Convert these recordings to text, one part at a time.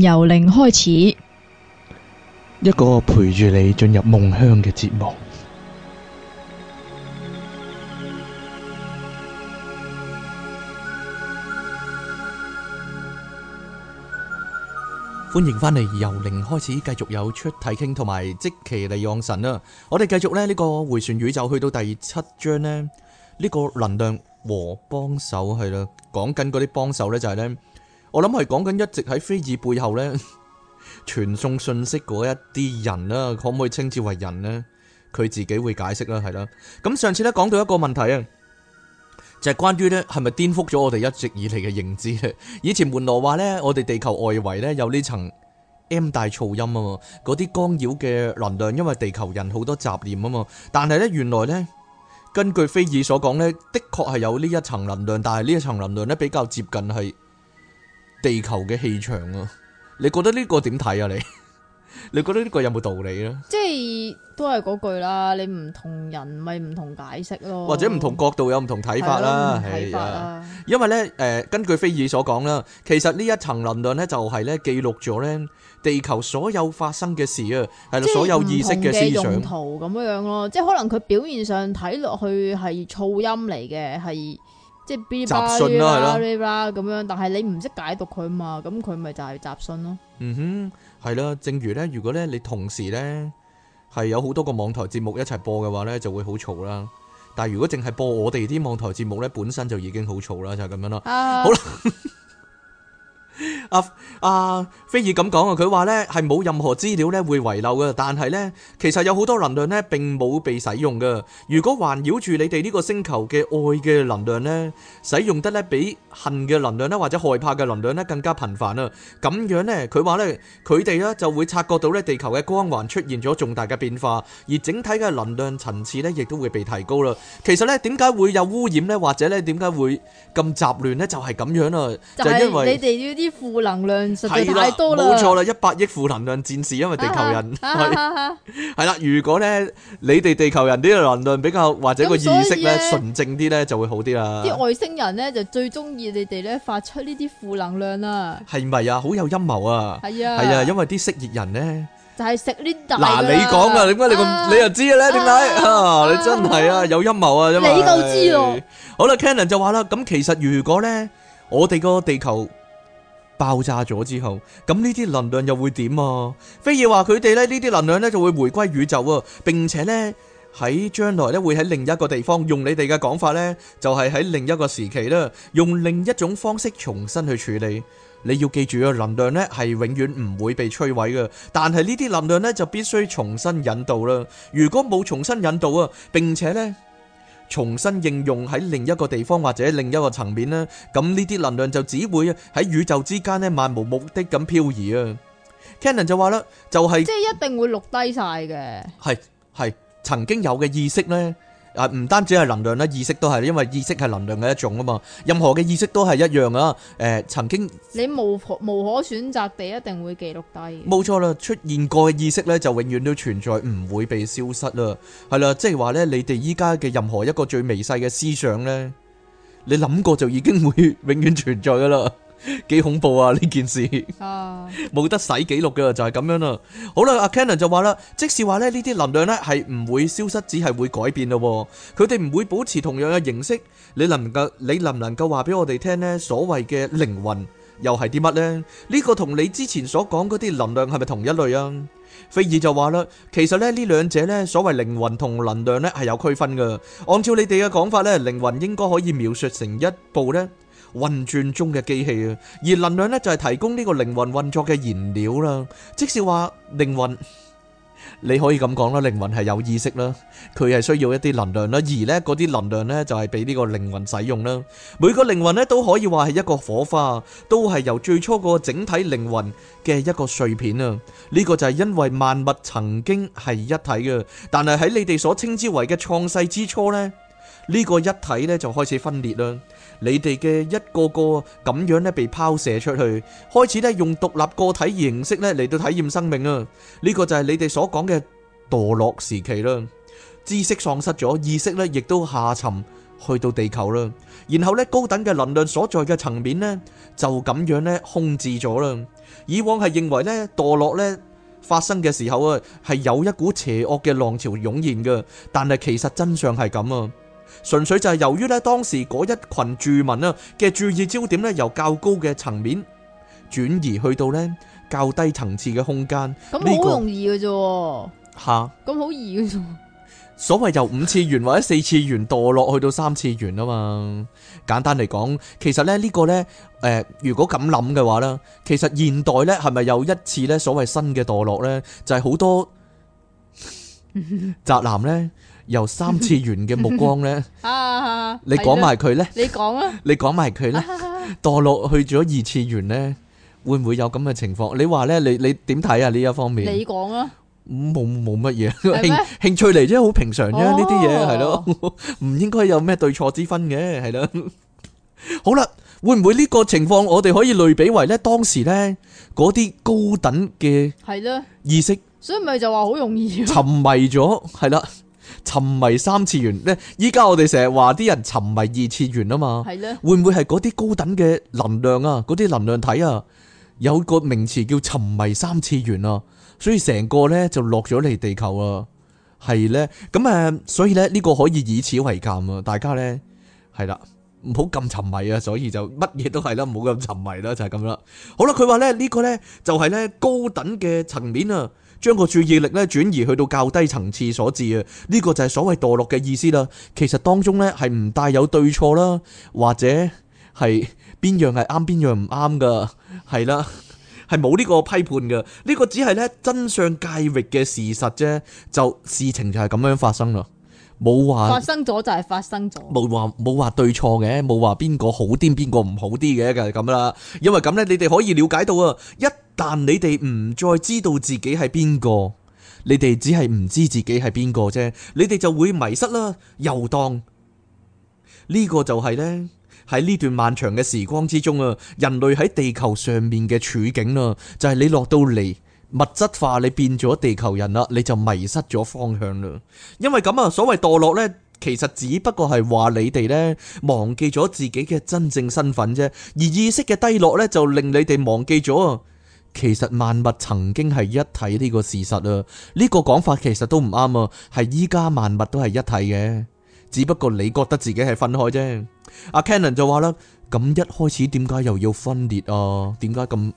由零開始，一個陪住你進入夢鄉嘅節目。歡迎翻嚟由零開始，繼續有出體傾同埋積奇利用神啦。我哋繼續咧呢個回旋宇宙，去到第七章咧，呢個能量和幫手係啦，講緊嗰啲幫手咧就係咧。我諗係講緊一直喺菲爾背後咧傳 送信息嗰一啲人啦，可唔可以稱之為人咧？佢自己會解釋啦，係啦。咁上次咧講到一個問題啊，就係、是、關於呢係咪顛覆咗我哋一直以嚟嘅認知咧？ 以前門羅話呢，我哋地球外圍呢有呢層 M 大噪音啊，嘛嗰啲干擾嘅能量，因為地球人好多雜念啊，嘛。但係呢，原來呢，根據菲爾所講呢，的確係有呢一層能量，但係呢一層能量呢比較接近係，地球嘅氣場啊，你覺得呢個點睇啊？你你覺得呢個有冇道理咧？即係都係嗰句啦，你唔同人咪唔同解釋咯。或者唔同角度有唔同睇法啦。睇法啦，因為咧，誒，根據菲爾所講啦，其實呢一層論斷咧就係咧記錄咗咧地球所有發生嘅事啊，係咯，所有意識嘅思想。唔同嘅用途咁樣咯，即係可能佢表面上睇落去係噪音嚟嘅，係。即係雜訊啦，啊，係咯，咁樣，但係你唔識解讀佢嘛，咁佢咪就係雜訊咯，啊。嗯哼，係啦，正如咧，如果咧你同時咧係有好多個網台節目一齊播嘅話咧，就會好嘈啦。但係如果淨係播我哋啲網台節目咧，本身就已經好嘈啦，就係，是，咁樣啦。啊，好啦 了。 啊阿菲爾咁講啊，佢話咧係冇任何資料咧會遺漏嘅，但係咧其實有好多能量咧並冇被使用嘅。如果環繞住你哋呢個星球嘅愛嘅能量咧，使用得咧比恨嘅能量咧或者害怕嘅能量咧更加頻繁啊，咁樣咧佢話咧佢哋咧就會察覺到咧地球嘅光環出現咗重大嘅變化，而整體嘅能量層次咧亦都會被提高啦。其實咧點解會有污染咧，或者咧點解會咁雜亂咧，就係咁樣啦，就係因為你哋呢啲負能量實在太多啦，冇錯啦，一百億負能量戰士，因為地球人係係啦。如果咧你哋地球人啲能量比較或者個意識咧純正啲咧，就會好啲啦。啲外星人咧就最中意你哋咧發出呢啲負能量啦，係咪啊？好有陰謀啊！係啊係啊，因為啲蜥蜴人咧就係食呢 i 嗱你講啊，點解你咁你又知咧？點解，你真係啊有陰謀啊嘛！你夠知咯。好啦，Cannon 就話啦，咁其實如果咧我哋個地球。爆炸咗之後，咁呢啲能量又會點啊？菲爾話佢哋咧，呢啲能量咧就會回歸宇宙啊，並且咧喺將來咧會喺另一個地方，用你哋嘅講法咧，就係喺另一個時期咧，用另一種方式重新去處理。你要記住啊，能量咧係永遠唔會被摧毀㗎，但係呢啲能量咧就必須重新引導啦。如果冇重新引導啊，並且咧。重新應用喺另一個地方或者另一個層面咧，咁呢啲能量就只會喺宇宙之間咧漫無目的咁漂移啊。Cannon 就話啦，就係、是、即係一定會錄低晒嘅，係係曾經有嘅意識呢。啊！唔單止係能量咧，意識都係，因為意識係能量嘅一種啊嘛。任何嘅意識都係一樣啊。誒，曾經你無可無可選擇地一定會記錄低。冇錯啦，出現過嘅意識咧，就永遠都存在，唔會被消失啦。係啦，即係話咧，你哋依家嘅任何一個最微細嘅思想咧，你諗過就已經會永遠存在噶啦。幾恐怖啊！呢件事啊，冇得使記錄噶，就係咁樣啦。好啦，阿 Canon 就話啦，即使話咧呢啲能量咧係唔會消失，只係會改變咯。佢哋唔會保持同樣嘅形式。你能夠，你能唔能夠話俾我哋聽咧？所謂嘅靈魂又係啲乜咧？呢個同你之前所講嗰啲能量係咪同一類啊？菲爾就話啦，其實咧呢兩者咧所謂靈魂同能量咧係有區分噶。按照你哋嘅講法咧，靈魂應該可以描述成一部咧。運轉中嘅機器啊，而能量咧就係提供呢個靈魂運作嘅燃料啦。即是話靈魂，你可以咁講啦，靈魂係有意識啦，佢係需要一啲能量啦，而咧嗰啲能量咧就係俾呢個靈魂使用啦。每個靈魂咧都可以話係一個火花，都係由最初個整體靈魂嘅一個碎片啊。呢個就係因為萬物曾經係一體嘅，但係喺你哋所稱之為嘅創世之初咧，呢個一體咧就開始分裂啦。你哋嘅一個個咁樣咧，被拋射出去，開始咧用獨立個體形式咧嚟到體驗生命啊！呢、這個就係你哋所講嘅墮落時期啦，知識喪失咗，意識咧亦都下沉去到地球啦。然後咧，高等嘅能量所在嘅層面呢，就咁樣咧空置咗啦。以往係認為咧墮落咧發生嘅時候啊，係有一股邪惡嘅浪潮湧現㗎，但係其實真相係咁啊。純粹就係由於咧，當時嗰一群住民啊嘅注意焦點咧，由較高嘅層面轉移去到咧較低層次嘅空間。咁好容易嘅啫，吓咁好易嘅啫。所謂由五次元或者四次元墮落去到三次元啊嘛。 簡單嚟講，其實咧、這、呢個咧，誒、呃，如果咁諗嘅話啦，其實現代咧係咪有一次咧所謂新嘅墮落咧，就係、是、好多宅 男咧。由三次元嘅目光咧，你講埋佢咧，你講啊，你講埋佢咧，墮落去咗二次元咧，會唔會有咁嘅情況？你話咧，你你點睇啊？呢一方面，你講啊，冇冇乜嘢興興趣嚟啫，好平常啫，呢啲嘢係咯，唔應該有咩對錯之分嘅，係咯。好啦，會唔會呢個情況我哋可以類比為咧？當時咧嗰啲高等嘅係咯意識，所以咪就話好容易沉迷咗，係啦。沉迷三次元咧，依家我哋成日話啲人沉迷二次元啊嘛，係咧的，會唔會係嗰啲高等嘅能量啊？嗰啲能量體啊，有個名詞叫沉迷三次元啊，所以成個咧就落咗嚟地球啊，係咧，咁、嗯、誒，所以咧呢個可以以此為鑑啊，大家咧係啦，唔好咁沉迷啊，所以就乜嘢都係啦，唔好咁沉迷啦，就係咁啦。好啦，佢話咧呢個咧就係咧高等嘅層面啊。將個注意力咧轉移去到較低層次所致啊！呢個就係所謂墮落嘅意思啦。其實當中咧係唔帶有對錯啦，或者係邊樣係啱，邊樣唔啱噶，係啦，係冇呢個批判嘅。呢個只係咧真相界域嘅事實啫，就事情就係咁樣發生啦，冇話發生咗就係發生咗，冇話冇話對錯嘅，冇話邊個好啲，邊個唔好啲嘅，就係咁啦。因為咁咧，你哋可以了解到啊，一。但你哋唔再知道自己係邊個，你哋只係唔知自己係邊個啫。你哋就會迷失啦，遊蕩呢個就係呢喺呢段漫長嘅時光之中啊。人類喺地球上面嘅處境啦，就係你落到嚟物質化，你變咗地球人啦，你就迷失咗方向啦。因為咁啊，所謂墮落呢，其實只不過係話你哋呢，忘記咗自己嘅真正身份啫，而意識嘅低落呢，就令你哋忘記咗。其實萬物曾經係一體呢個事實啊，呢個講法其實都唔啱啊，係依家萬物都係一體嘅，只不過你覺得自己係分開啫。阿 Canon 就話啦，咁一開始點解又要分裂啊？點解咁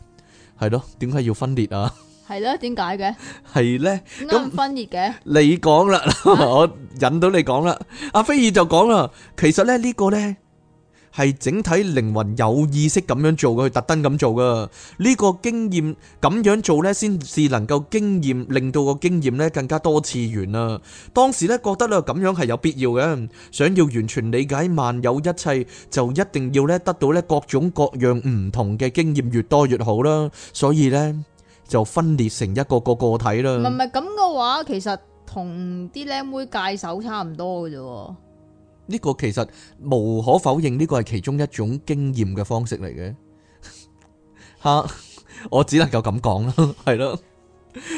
係咯？點解要分裂啊？係咯？點解嘅？係咧，咁分裂嘅。你講啦，我引到你講啦。阿菲爾就講啦，其實咧呢個咧。係整體靈魂有意識咁樣做嘅，去特登咁做噶。呢個經驗咁樣做咧，先至能夠經驗令到個經驗咧更加多次元啊。當時咧覺得咧咁樣係有必要嘅，想要完全理解萬有一切，就一定要咧得到咧各種各樣唔同嘅經驗，越多越好啦。所以咧就分裂成一個個個體啦。唔係唔係咁嘅話，其實同啲靚妹戒手差唔多嘅啫。呢個其實無可否認，呢、呢個係其中一種經驗嘅方式嚟嘅。吓， 我只能夠咁講啦，係 啦。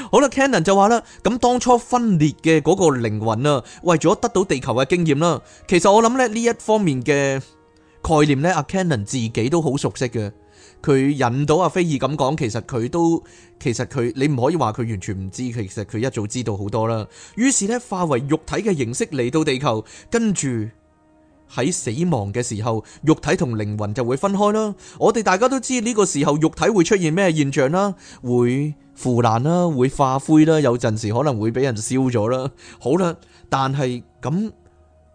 好啦，Cannon 就話啦，咁當初分裂嘅嗰個靈魂啊，為咗得到地球嘅經驗啦，其實我諗咧呢一方面嘅概念呢，阿 Cannon 自己都好熟悉嘅。佢引到阿菲爾咁講，其實佢都，其實佢你唔可以話佢完全唔知，其實佢一早知道好多啦。於是呢，化為肉體嘅形式嚟到地球，跟住。喺死亡嘅時候，肉體同靈魂就會分開啦。我哋大家都知呢個時候肉體會出現咩現象啦，會腐爛啦，會化灰啦，有陣時可能會俾人燒咗啦。好啦，但係咁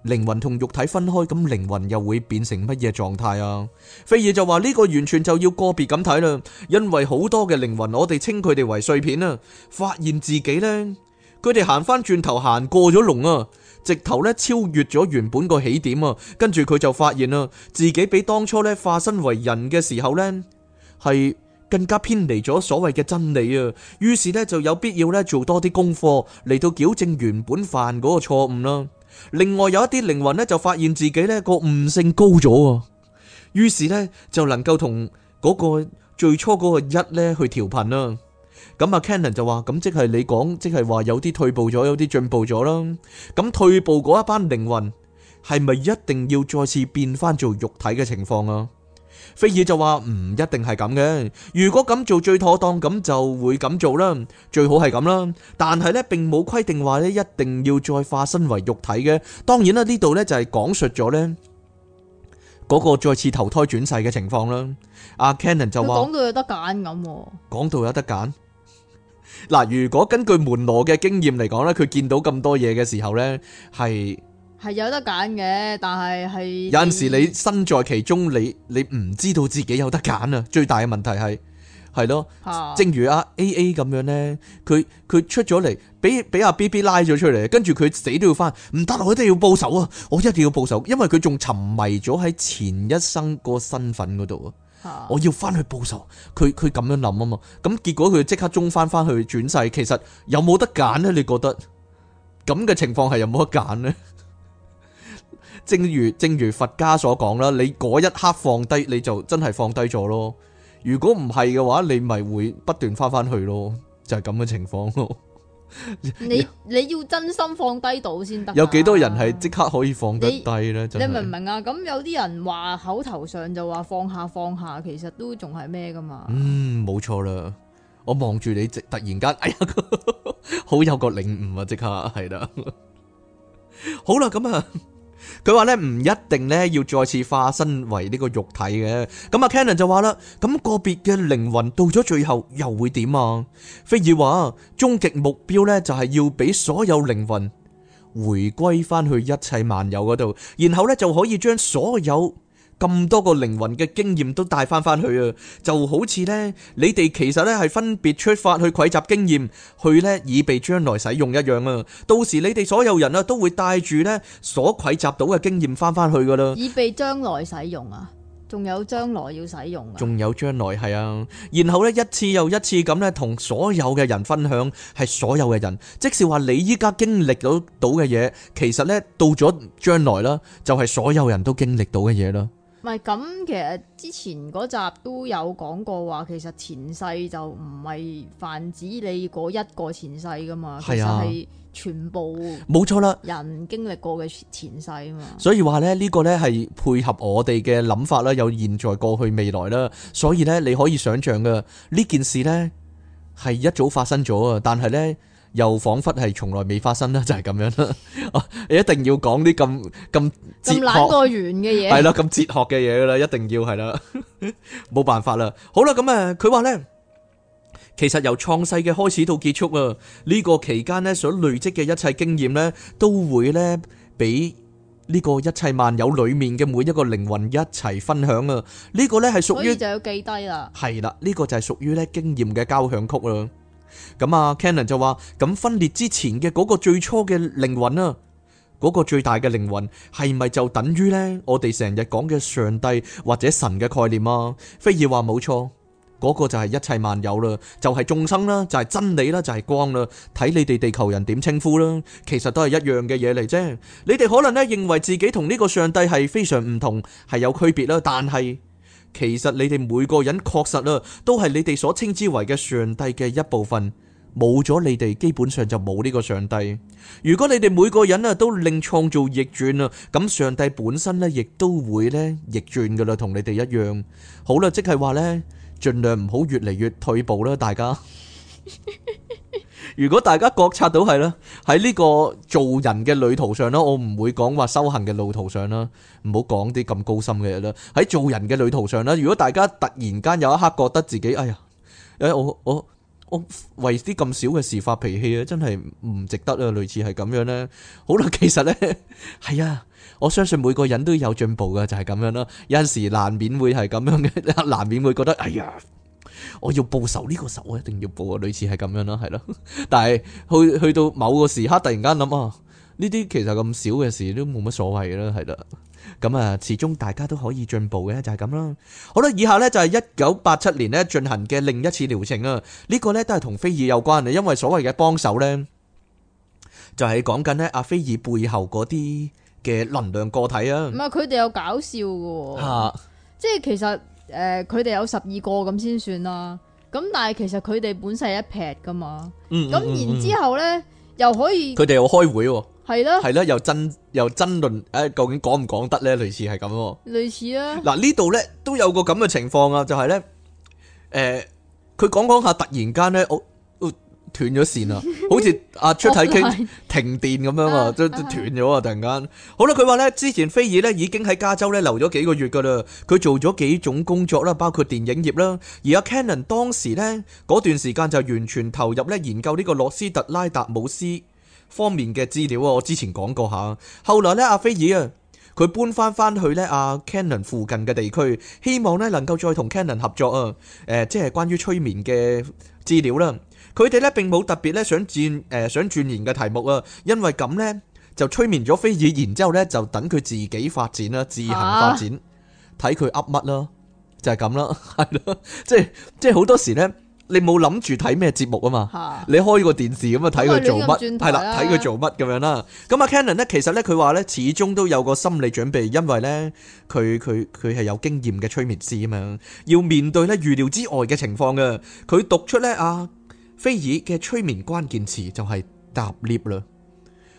靈魂同肉體分開，咁靈魂又會變成乜嘢狀態啊？費爾就話呢個完全就要個別咁睇啦，因為好多嘅靈魂，我哋稱佢哋為碎片啦，發現自己呢，佢哋行翻轉頭行過咗龍啊。直頭咧超越咗原本個起點啊，跟住佢就發現啦，自己比當初咧化身為人嘅時候咧，係更加偏離咗所謂嘅真理啊。於是咧就有必要咧做多啲功課嚟到矯正原本犯嗰個錯誤啦。另外有一啲靈魂咧就發現自己咧個悟性高咗啊。於是咧就能夠同嗰個最初嗰個一咧去調頻啦。咁阿 Canon 就話，咁即係你講，即係話有啲退步咗，有啲進步咗啦。咁退步嗰一班靈魂係咪一定要再次變翻做肉體嘅情況啊？菲爾就話唔一定係咁嘅，如果咁做最妥當，咁就會咁做啦，最好係咁啦。但係咧，並冇規定話咧一定要再化身為肉體嘅。當然啦，呢度咧就係講述咗咧嗰個再次投胎轉世嘅情況啦。阿 Canon 就話，講到有得揀咁，講到有得揀。嗱，如果根據門羅嘅經驗嚟講咧，佢見到咁多嘢嘅時候咧，係係有得揀嘅，但係係有陣時你身在其中，你你唔知道自己有得揀啊！最大嘅問題係係咯，啊、正如阿 A A 咁樣咧，佢佢出咗嚟，俾俾阿 B B 拉咗出嚟，跟住佢死都要返，唔得啊！我一定要報仇啊！我一定要報仇，因為佢仲沉迷咗喺前一生個身份嗰度啊！我要翻去報仇，佢佢咁樣諗啊嘛，咁結果佢即刻中翻翻去轉世，其實有冇得揀呢？你覺得咁嘅情況係有冇得揀呢？ 正如正如佛家所講啦，你嗰一刻放低，你就真係放低咗咯。如果唔係嘅話，你咪會不斷翻翻去咯，就係咁嘅情況咯。你你要真心放低到先得，有幾多人係即刻可以放得低咧？你明唔明啊？咁有啲人話口頭上就話放下放下，其實都仲係咩㗎嘛？嗯，冇錯啦。我望住你，突然間，哎呀，好有個領悟啊！即刻係啦，好啦，咁啊。佢話咧唔一定咧要再次化身為呢個肉體嘅，咁阿 Cannon 就話啦，咁個別嘅靈魂到咗最後又會點啊？菲爾話終極目標咧就係要俾所有靈魂回歸翻去一切萬有嗰度，然後咧就可以將所有。咁多個靈魂嘅經驗都帶翻翻去啊，就好似咧你哋其實咧係分別出發去採集經驗，去咧以備將來使用一樣啊。到時你哋所有人啊都會帶住咧所採集到嘅經驗翻翻去噶啦。以備將來使用啊，仲有將來要使用啊。仲有將來係啊，然後咧一次又一次咁咧同所有嘅人分享，係所有嘅人，即是話你依家經歷到到嘅嘢，其實咧到咗將來啦，就係所有人都經歷到嘅嘢啦。咪咁，其實之前嗰集都有講過話，其實前世就唔係泛指你嗰一個前世㗎嘛，啊、其實係全部人，冇錯啦，經歷過嘅前世啊嘛。所以話咧，呢個咧係配合我哋嘅諗法啦，有現在、過去、未來啦，所以咧你可以想像㗎，呢件事咧係一早發生咗啊，但係咧，又彷彿係從來未發生啦，就係咁樣啦。哦，你一定要講啲咁咁哲學過遠嘅嘢，係啦，咁哲學嘅嘢啦，一定要係啦，冇辦法啦。好啦，咁誒，佢話咧，其實由創世嘅開始到結束啊，呢個期間咧，所累積嘅一切經驗咧，都會咧，俾呢個一切萬有裡面嘅每一個靈魂一齊分享啊。呢個咧係屬於就要記低啦。係啦，呢個就係屬於咧經驗嘅交響曲啊。咁啊 Cannon 就話：咁分裂之前嘅嗰個最初嘅靈魂啊，嗰、那個最大嘅靈魂係咪就等於呢？我哋成日講嘅上帝或者神嘅概念啊？非爾話冇錯，嗰、那個就係一切萬有啦，就係、是、眾生啦，就係、是、真理啦，就係、是、光啦，睇你哋地球人點稱呼啦，其實都係一樣嘅嘢嚟啫。你哋可能咧認為自己同呢個上帝係非常唔同，係有區別啦，但係。其實你哋每個人確實啊，都係你哋所稱之為嘅上帝嘅一部分。冇咗你哋，基本上就冇呢個上帝。如果你哋每個人啊都令創造逆轉啊，咁上帝本身呢亦都會呢逆轉噶啦，同你哋一樣。好啦，即係話呢，盡量唔好越嚟越退步啦，大家。如果大家覺察到係啦，喺呢個做人嘅旅途上啦，我唔會講話修行嘅路途上啦，唔好講啲咁高深嘅嘢啦。喺做人嘅旅途上啦，如果大家突然間有一刻覺得自己哎呀，誒、哎、我我我、我為啲咁少嘅事發脾氣啊，真係唔值得啊，類似係咁樣咧。好啦，其實咧係啊，我相信每個人都有進步嘅，就係、是、咁樣啦。有陣時難免會係咁樣嘅，難免會覺得哎呀。我要報仇，呢個仇，我一定要報啊！類似係咁樣啦，係咯。但係去去到某個時刻，突然間諗啊，呢啲其實咁少嘅事都冇乜所謂嘅啦，係啦。咁啊，始終大家都可以進步嘅，就係咁啦。好啦，以下呢就係一九八七年呢進行嘅另一次療程啊。呢個呢都係同菲爾有關嘅，因為所謂嘅幫手呢，就係講緊呢阿菲爾背後嗰啲嘅能量個體啊。唔係，佢哋有搞笑噶，即係其實。誒，佢哋有十二個咁先算啦，咁但係其實佢哋本身係一撇噶嘛，咁、嗯、然之後咧、嗯嗯嗯、又可以，佢哋又開會喎，係咯，係啦，又爭又爭論誒，究竟講唔講得咧？類似係咁，類似啦。嗱，呢度咧都有個咁嘅情況啊，就係咧，誒、呃，佢講講下突然間咧我。斷咗線啊！好似阿出體機停電咁樣啊，都都斷咗啊！突然間、啊，好啦、 啊，佢話呢之前菲爾呢已經喺加州呢留咗幾個月噶啦，佢做咗幾種工作啦，包括電影業啦。而阿 Canon 當時呢嗰段時間就完全投入呢研究呢個洛斯特拉達姆斯方面嘅資料啊！我之前講過下，後來呢阿菲爾啊，佢搬翻翻去呢阿 Canon 附近嘅地區，希望呢能夠再同 Canon 合作啊！誒、呃，即係關於催眠嘅。資料啦，佢哋咧並冇特別咧想轉誒、呃、想鑽研嘅題目啊，因為咁咧就催眠咗菲爾，然之後咧就等佢自己發展啦，自行發展，睇佢噏乜咯，就係咁咯，係 咯，即係即係好多時咧。你冇諗住睇咩節目啊嘛， 你開個電視咁啊，睇佢做乜，係啦，睇佢做乜咁樣啦。咁 啊樂，Cannon 咧，其實咧佢話咧始終都有個心理準備，因為咧佢佢佢係有經驗嘅催眠師啊嘛，要面對咧預料之外嘅情況嘅。佢讀出咧啊，菲爾嘅催眠關鍵詞就係搭 lift 啦。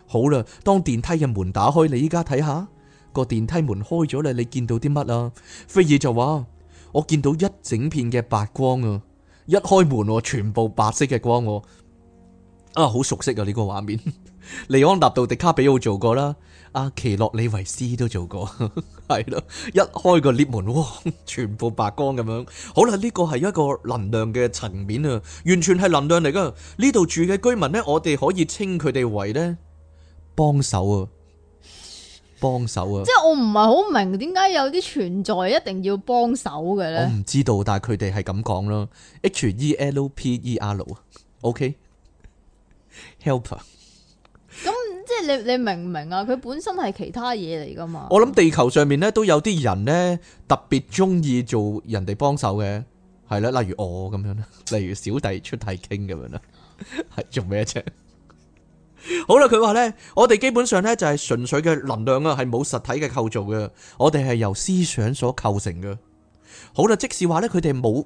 好啦，當電梯嘅門打開，你依家睇下個電梯門開咗啦，你見到啲乜啊？菲爾就話，我見到一整片嘅白光啊！一開門，全部白色嘅光，啊，好熟悉啊！呢、呢個畫面，利 安納道迪卡比奧做過啦，阿、啊、奇洛里維斯都做過，係啦，一開個裂門，全部白光咁樣，好啦，呢個係一個能量嘅層面啊，完全係能量嚟噶，呢度住嘅居民呢，我哋可以稱佢哋為呢幫手啊。幫手啊！即係我唔係好明點解有啲存在一定要幫手嘅咧？我唔知道，但係佢哋係咁講咯。H E L P E R O K，helper。咁、okay？即係你你明唔明啊？佢本身係其他嘢嚟噶嘛？我諗地球上面咧都有啲人咧特別中意做人哋幫手嘅，係啦，例如我咁樣啦，例如小弟出題傾咁樣啦，係做咩啫？ 好啦，佢話呢，我哋基本上呢就係純粹嘅能量啊，係冇實體嘅構造嘅，我哋係由思想所構成嘅。好啦，即使話呢，佢哋冇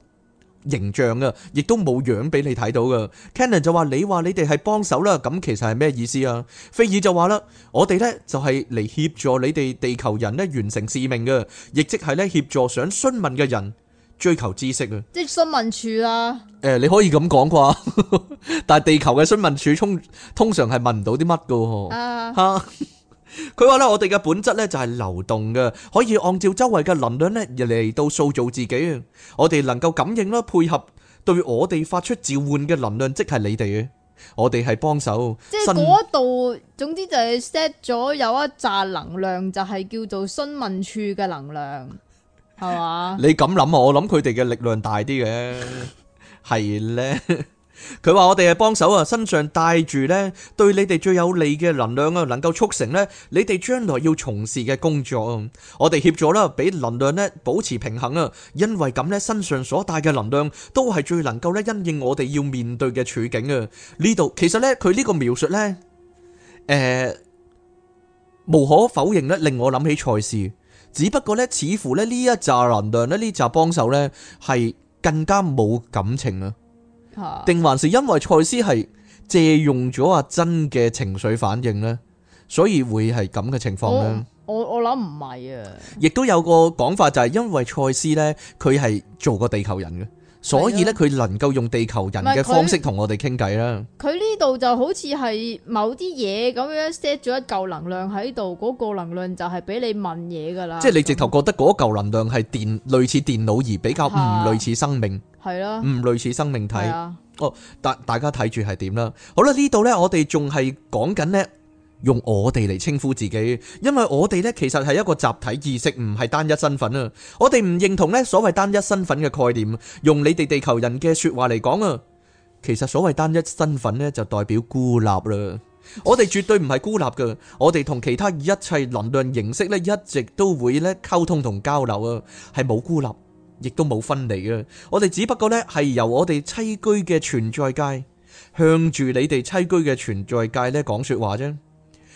形象啊，亦都冇樣俾你睇到嘅。Cannon 就話你話你哋係幫手啦，咁其實係咩意思啊？菲爾就話啦，我哋呢就係嚟協助你哋地球人呢完成使命嘅，亦即係呢協助想詢問嘅人。追求知識啊！即係詢問處啦。誒，你可以咁講啩？ 但係地球嘅詢問處通通常係問唔到啲乜噶。啊，佢話咧，我哋嘅本質咧就係流動嘅，可以按照周圍嘅能量咧嚟到塑造自己。我哋能夠感應啦，配合對我哋發出召喚嘅能量，即係你哋。我哋係幫手。即係嗰度，總之就係 set 咗有一扎能量，就係叫做詢問處嘅能量。就是係嘛？你咁諗啊？我諗佢哋嘅力量大啲嘅，係呢。佢話我哋係幫手啊，身上帶住呢，對你哋最有利嘅能量啊，能夠促成呢你哋將來要從事嘅工作啊。我哋協助啦，俾能量呢保持平衡啊。因為咁呢，身上所帶嘅能量都係最能夠呢因應我哋要面對嘅處境啊。呢度其實呢，佢呢個描述呢，誒，無可否認呢，令我諗起賽事。只不過咧，似乎咧，呢一紮能量咧，呢一紮幫手咧係更加冇感情啊，定還是因為賽斯係借用咗阿珍嘅情緒反應呢？所以會係咁嘅情況呢？我我諗唔係啊，亦都有個講法就係因為賽斯咧，佢係做過地球人嘅。所以咧，佢能夠用地球人嘅方式同我哋傾偈啦。佢呢度就好似係某啲嘢咁樣 set 咗一嚿能量喺度，嗰、嗰個能量就係俾你問嘢噶啦。即係你直頭覺得嗰嚿能量係電，類似電腦而比較唔類似生命，係咯、啊，唔、啊、類似生命體。啊、哦，大大家睇住係點啦？好啦，呢度呢，我哋仲係講緊呢。用我哋嚟稱呼自己，因為我哋呢其實係一個集體意識，唔係單一身份啊！我哋唔認同呢所謂單一身份嘅概念。用你哋地球人嘅說話嚟講啊，其實所謂單一身份呢就代表孤立啦。我哋絕對唔係孤立嘅，我哋同其他一切能量形式呢，一直都會呢溝通同交流啊，係冇孤立，亦都冇分離啊！我哋只不過呢係由我哋棲居嘅存在界向住你哋棲居嘅存在界呢講說話啫。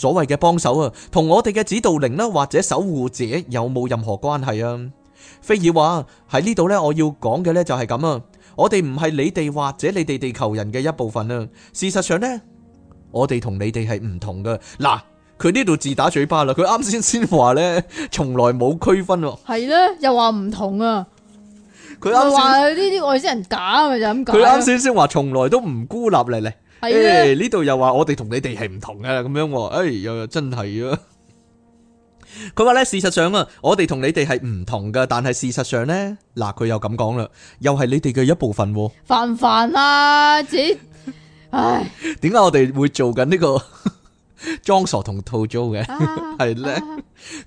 所謂嘅幫手啊，同我哋嘅指導靈啦或者守護者有冇任何關係啊？菲爾話喺呢度咧，我要講嘅咧就係咁啊，我哋唔係你哋或者你哋地球人嘅一部分啊。事實上咧，我哋同你哋係唔同㗎。嗱，佢呢度自打嘴巴啦，佢啱先先話咧，從來冇區分。係咧，又話唔同啊。佢啱先話呢啲外星人假咪就咁講。佢啱先先話從來都唔孤立嚟嚟。誒，呢度又話我哋同你哋係唔同嘅，咁樣，誒又真係啊！佢話咧，事實上啊，我哋同你哋係唔同噶但係事實上咧，嗱佢又咁講啦，又係你哋嘅一部分。煩唔煩啊？姐，唉，點解我哋會做緊呢個裝傻同套租嘅？係咧，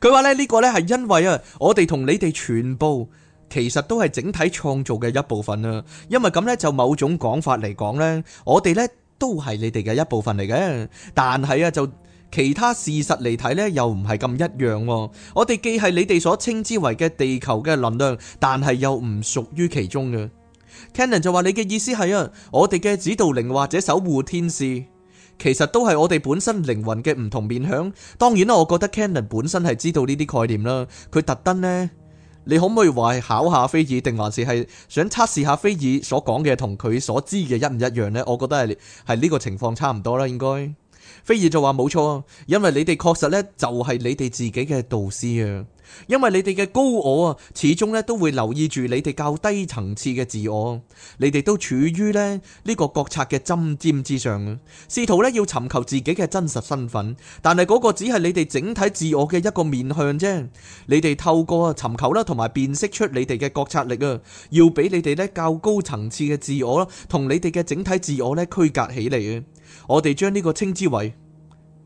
佢話咧呢個咧係因為啊，我哋同你哋全部其實都係整體創造嘅一部分啊。因為咁咧，就某種講法嚟講咧，我哋咧。都係你哋嘅一部分嚟嘅，但係啊，就其他事實嚟睇呢，又唔係咁一樣喎、哦。我哋既係你哋所稱之為嘅地球嘅能量，但係又唔屬於其中嘅。Cannon 就話：你嘅意思係啊，我哋嘅指導靈或者守護天使，其實都係我哋本身靈魂嘅唔同面向？當然啦、啊，我覺得 Cannon 本身係知道呢啲概念啦，佢特登呢。你可唔可以話係考下菲爾，定還是係想測試下菲爾所講嘅同佢所知嘅一唔一樣呢？我覺得係係呢個情況差唔多啦，應該。菲爾就話冇錯，因為你哋確實呢就係你哋自己嘅導師啊。因為你哋嘅高我啊，始終咧都會留意住你哋較低層次嘅自我，你哋都處於咧呢個覺察嘅針尖之上啊，試圖咧要尋求自己嘅真實身份，但係嗰個只係你哋整體自我嘅一個面向啫。你哋透過啊尋求啦，同埋辨識出你哋嘅覺察力啊，要俾你哋咧較高層次嘅自我啦，同你哋嘅整體自我咧區隔起嚟啊。我哋將呢個稱之為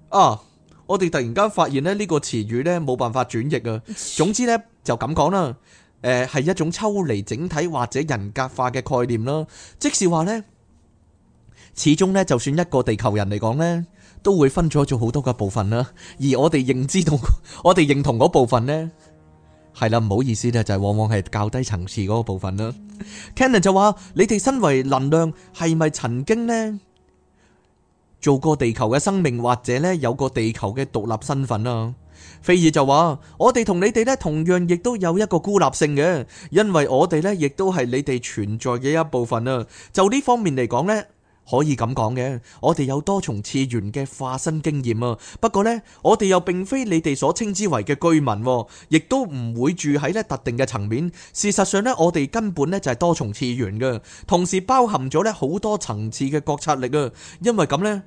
啊。我哋突然間發現咧，呢個詞語咧冇辦法轉譯啊。總之呢，就咁講啦，誒、呃、係一種抽離整體或者人格化嘅概念啦。即是話呢，始終呢，就算一個地球人嚟講呢，都會分咗做好多嘅部分啦。而我哋認知到我哋認同嗰部分呢，係啦唔好意思咧，就係、是、往往係較低層次嗰個部分啦。 Cannon 就話：「你哋身為能量，係咪曾經呢？」做過地球嘅生命，或者咧有個地球嘅獨立身份啊。菲爾就話：我哋同你哋咧同樣亦都有一個孤立性嘅，因為我哋咧亦都係你哋存在嘅一部分啊。就呢方面嚟講咧，可以咁講嘅，我哋有多重次元嘅化身經驗啊。不過呢，我哋又並非你哋所稱之為嘅居民，亦都唔會住喺咧特定嘅層面。事實上呢，我哋根本咧就係多重次元嘅，同時包含咗咧好多層次嘅覺察力啊。因為咁呢。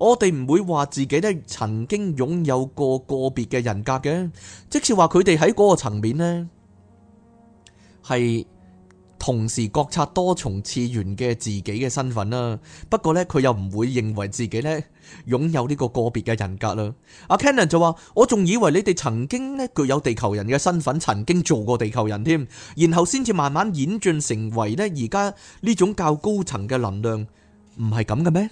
我哋唔會話自己咧曾經擁有過個別嘅人格嘅，即是話佢哋喺嗰個層面咧係同時覺察多重次元嘅自己嘅身份啦。不過呢，佢又唔會認為自己咧擁有呢個個別嘅人格啦。阿 Kenan 就話：我仲以為你哋曾經咧具有地球人嘅身份，曾經做過地球人添，然後先至慢慢演進成為呢而家呢種較高層嘅能量，唔係咁嘅咩？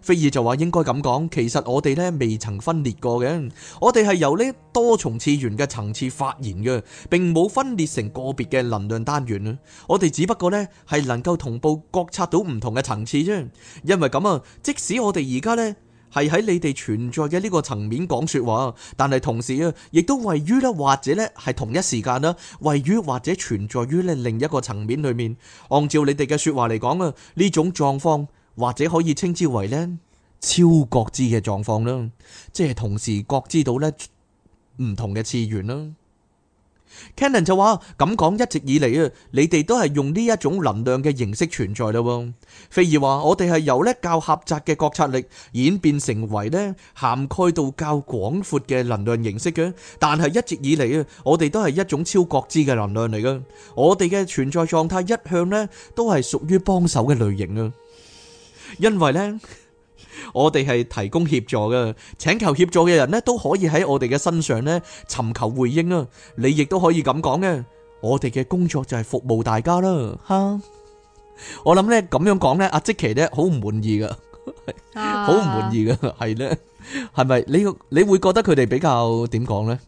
菲爾就話應該咁講，其實我哋咧未曾分裂過嘅，我哋係由呢多重次元嘅層次發言嘅，並冇分裂成個別嘅能量單元啊！我哋只不過咧係能夠同步覺察到唔同嘅層次啫。因為咁啊，即使我哋而家咧係喺你哋存在嘅呢個層面講說話，但係同時啊，亦都位於咧或者咧係同一時間啦，位於或者存在於咧另一個層面裏面。按照你哋嘅說話嚟講啊，呢種狀況。或者可以稱之為咧超覺知嘅狀況啦，即係同時覺知到咧唔同嘅次元啦。Cannon 就話咁講，一直以嚟啊，你哋都係用呢一種能量嘅形式存在啦。菲爾話：我哋係由咧較狹窄嘅覺察力演變成為呢涵蓋到較廣闊嘅能量形式嘅，但係一直以嚟啊，我哋都係一種超覺知嘅能量嚟噶，我哋嘅存在狀態一向咧都係屬於幫手嘅類型啊。因為呢，我哋係提供協助嘅，請求協助嘅人呢都可以喺我哋嘅身上呢尋求回應啊！你亦都可以咁講嘅，我哋嘅工作就係服務大家啦。吓，我諗呢咁樣講呢，阿即奇呢好唔滿意噶，好唔滿意噶係呢，係咪你你會覺得佢哋比較點講呢？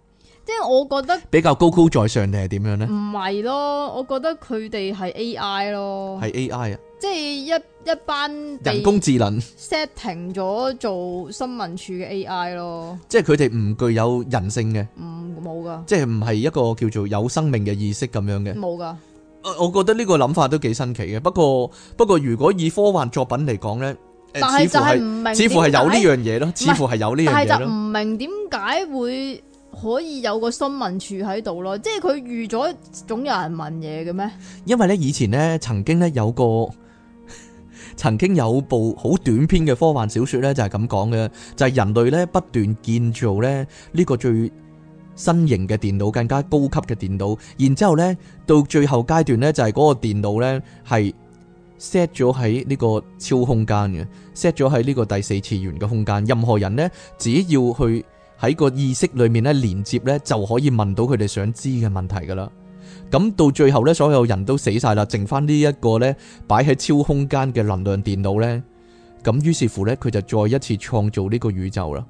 即係我覺得比較高高在上定係點樣呢？唔係咯，我覺得佢哋係 AI 咯，係 AI 啊。即係一一班人工智能 set 停咗做新聞處嘅 AI 咯，即係佢哋唔具有人性嘅，唔冇噶，即係唔係一個叫做有生命嘅意識咁樣嘅，冇噶。我我覺得呢個諗法都幾新奇嘅，不過不過如果以科幻作品嚟講咧，似乎係似乎係有呢樣嘢咯，似乎係有呢樣嘢，但係就唔明點解會可以有個新聞處喺度咯，即係佢預咗總有人問嘢嘅咩？因為咧以前咧曾經咧有個。曾經有部好短篇嘅科幻小説呢，就係咁講嘅，就係人類咧不斷建造咧呢個最新型嘅電腦，更加高級嘅電腦，然之後呢，到最後階段呢，就係嗰個電腦咧係 set 咗喺呢個超空間嘅，set 咗喺呢個第四次元嘅空間，任何人呢，只要去喺個意識裏面咧連接呢，就可以問到佢哋想知嘅問題噶啦。咁到最後呢，所有人都死晒啦，剩翻呢一個呢，擺喺超空間嘅能量電腦呢。咁於是乎呢，佢就再一次創造呢個宇宙啦。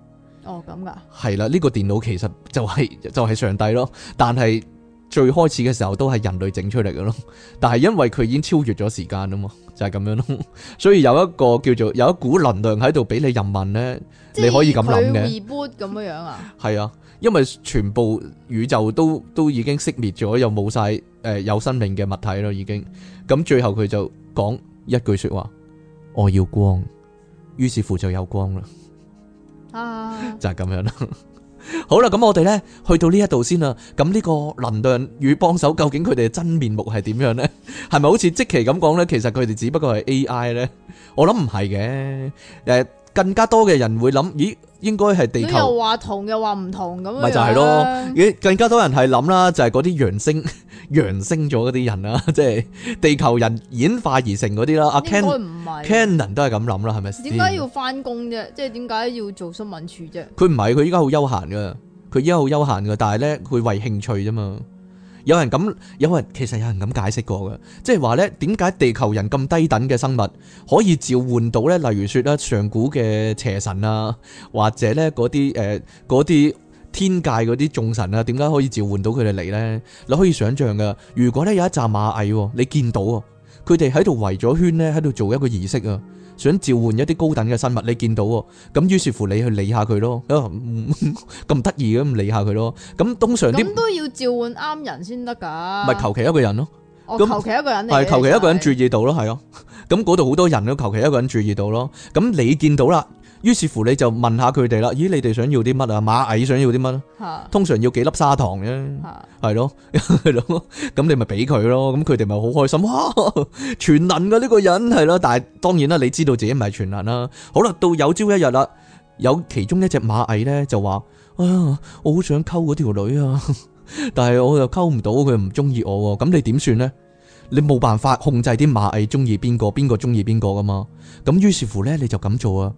哦，咁噶？係啦，呢個電腦其實就係就係上帝咯。但係最開始嘅時候都係人類整出嚟嘅咯。但係因為佢已經超越咗時間啊嘛，就係咁樣咯。所以有一個叫做有一股能量喺度俾你人民呢，是你可以咁諗嘅。佢 reboot 咁樣啊？係啊。 因為全部宇宙都都已經熄滅咗，又冇晒誒有生命嘅物體咯，已經咁最後佢就講一句說話，我要光，於是乎就有光啦，啊，就係咁樣啦。好啦，咁我哋呢去到呢一度先啦。咁呢個能量與幫手究竟佢哋嘅真面目係點樣呢？係咪好似即期咁講呢？其實佢哋只不過係 AI 呢？我諗唔係嘅，誒，更加多嘅人會諗，咦？應該係地球，你又話同又話唔同咁，咪就係咯。你、啊、更加多人係諗啦，就係嗰啲揚升、揚 升咗嗰啲人啦，即 係地球人演化而成嗰啲啦。阿 Ken，Cannon 都係咁諗啦，係咪先？點解要翻工啫？即係點解要做新聞處啫？佢唔係，佢依家好休閒㗎。佢依家好休閒㗎，但係咧佢為興趣啫嘛。有人咁，有人其實有人咁解釋過嘅，即係話咧，點解地球人咁低等嘅生物可以召喚到咧？例如説啦，上古嘅邪神啊，或者咧嗰啲誒嗰啲天界嗰啲眾神啊，點解可以召喚到佢哋嚟咧？你可以想象嘅，如果咧有一隻螞蟻、哦，你見到啊、哦，佢哋喺度圍咗圈咧，喺度做一個儀式啊。想召喚一啲高等嘅生物，你見到喎，咁於是乎你去理下佢咯，咁得意咁理下佢咯，咁通常點都要召喚啱人先得㗎，咪求其一個人咯，求其一個人，係求其一個人注意到咯，係咯，咁嗰度好多人都求其一個人注意到咯，咁你見到啦。於是乎你就問下佢哋啦。咦，你哋想要啲乜啊？螞蟻想要啲乜？ 通常要幾粒砂糖啫，係 對了 咯，係咯。咁你咪俾佢咯。咁佢哋咪好開心哇！全能嘅、啊、呢、呢個人係咯，但係當然啦，你知道自己唔係全能啦、啊。好啦，到有朝一日啦，有其中一隻螞蟻咧就話：啊，我好想溝嗰條女啊，但係我又溝唔到佢，唔中意我咁，你點算呢？你冇辦法控制啲螞蟻中意邊個，邊個中意邊個噶嘛？咁於是乎呢，你就咁做啊！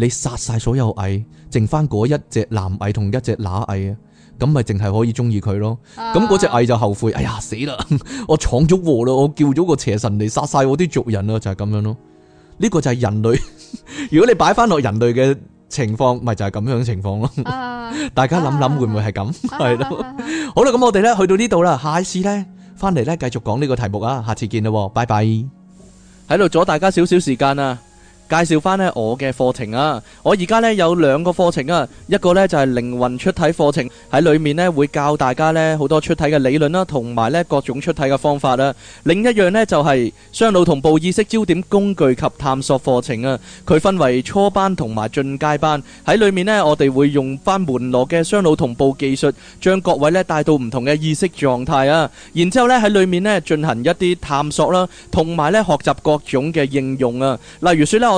你殺晒所有蟻，剩翻嗰一隻男蟻同一隻乸蟻啊，咁咪淨係可以中意佢咯？咁嗰隻蟻就後悔，哎呀死啦！我闖咗禍咯，我叫咗個邪神嚟殺晒我啲族人啊！就係咁樣咯，呢個就係人類。如果你擺翻落人類嘅情況，咪就係咁樣嘅情況咯。大家諗諗會唔會係咁？係咯，好啦，咁我哋咧去到呢度啦，下一次咧翻嚟咧繼續講呢個題目啊，下次見啦，拜拜！喺度阻大家少少時間啊！介紹翻呢我嘅課程啊！我而家呢有兩個課程啊，一個呢就係靈魂出體課程，喺裏面呢會教大家呢好多出體嘅理論啦，同埋呢各種出體嘅方法啦。另一樣呢就係雙腦同步意識焦點工具及探索課程啊。佢分為初班同埋進階班，喺裏面呢我哋會用翻門羅嘅雙腦同步技術，將各位呢帶到唔同嘅意識狀態啊。然之後呢喺裏面呢進行一啲探索啦，同埋呢學習各種嘅應用啊。例如説呢我。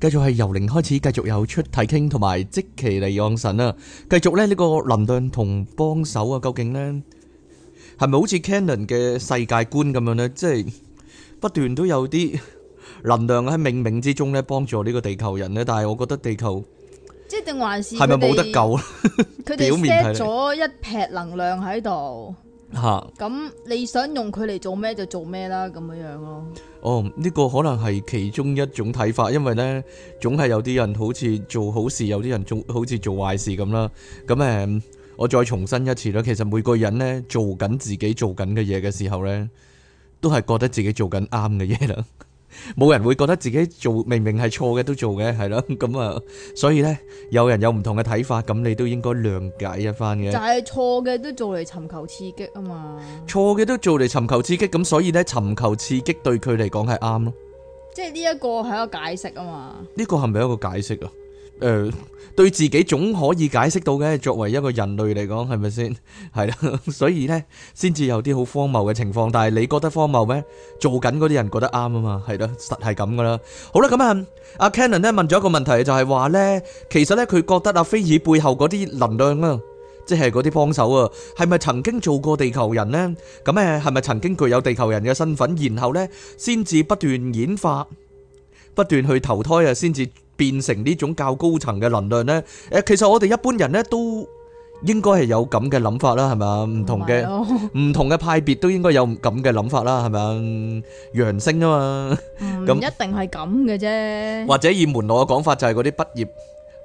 繼續係由零開始，繼續有出體傾同埋積其嚟養神啊！繼續呢呢個能量同幫手啊，究竟呢係咪好似 Canon 嘅世界觀咁樣呢？即係不斷都有啲能量喺冥冥之中呢幫助呢個地球人呢，但係我覺得地球即係定還是係咪冇得救？佢哋遮咗一撇能量喺度。吓，咁你想用佢嚟做咩就做咩啦，咁樣樣咯。哦，呢個可能係其中一種睇法，因為呢，總係有啲人好似做好事，有啲人做好似做壞事咁啦。咁、嗯、誒，我再重申一次啦。其實每個人呢，做緊自己做緊嘅嘢嘅時候呢，都係覺得自己做緊啱嘅嘢啦。冇人會覺得自己做明明係錯嘅都做嘅係咯，咁啊， 所以呢，有人有唔同嘅睇法，咁你都應該諒解一番嘅。但係錯嘅都做嚟尋求刺激啊嘛，錯嘅都做嚟尋求刺激，咁所以呢，尋求刺激對佢嚟講係啱咯。即係呢一個係一個解釋啊嘛。呢個係咪一個解釋啊？誒，對自己總可以解釋到嘅，作為一個人類嚟講，係咪先？係啦，所以咧，先至有啲好荒謬嘅情況。但係你覺得荒謬咩？做緊嗰啲人覺得啱啊嘛，係咯，實係咁噶啦。好啦，咁啊，阿 Canon 咧問咗一個問題，就係話咧，其實咧佢覺得阿菲爾背後嗰啲能量啊，即係嗰啲幫手啊，係咪曾經做過地球人咧？咁誒，係咪曾經具有地球人嘅身份，然後咧先至不斷演化？不斷去投胎啊，先至變成呢種較高層嘅能量咧。誒，其實我哋一般人咧都應該係有咁嘅諗法啦，係咪啊？唔同嘅唔同嘅派別都應該有咁嘅諗法啦，係咪啊？揚升啊嘛，咁一定係咁嘅啫。或者以門羅嘅講法就係嗰啲畢業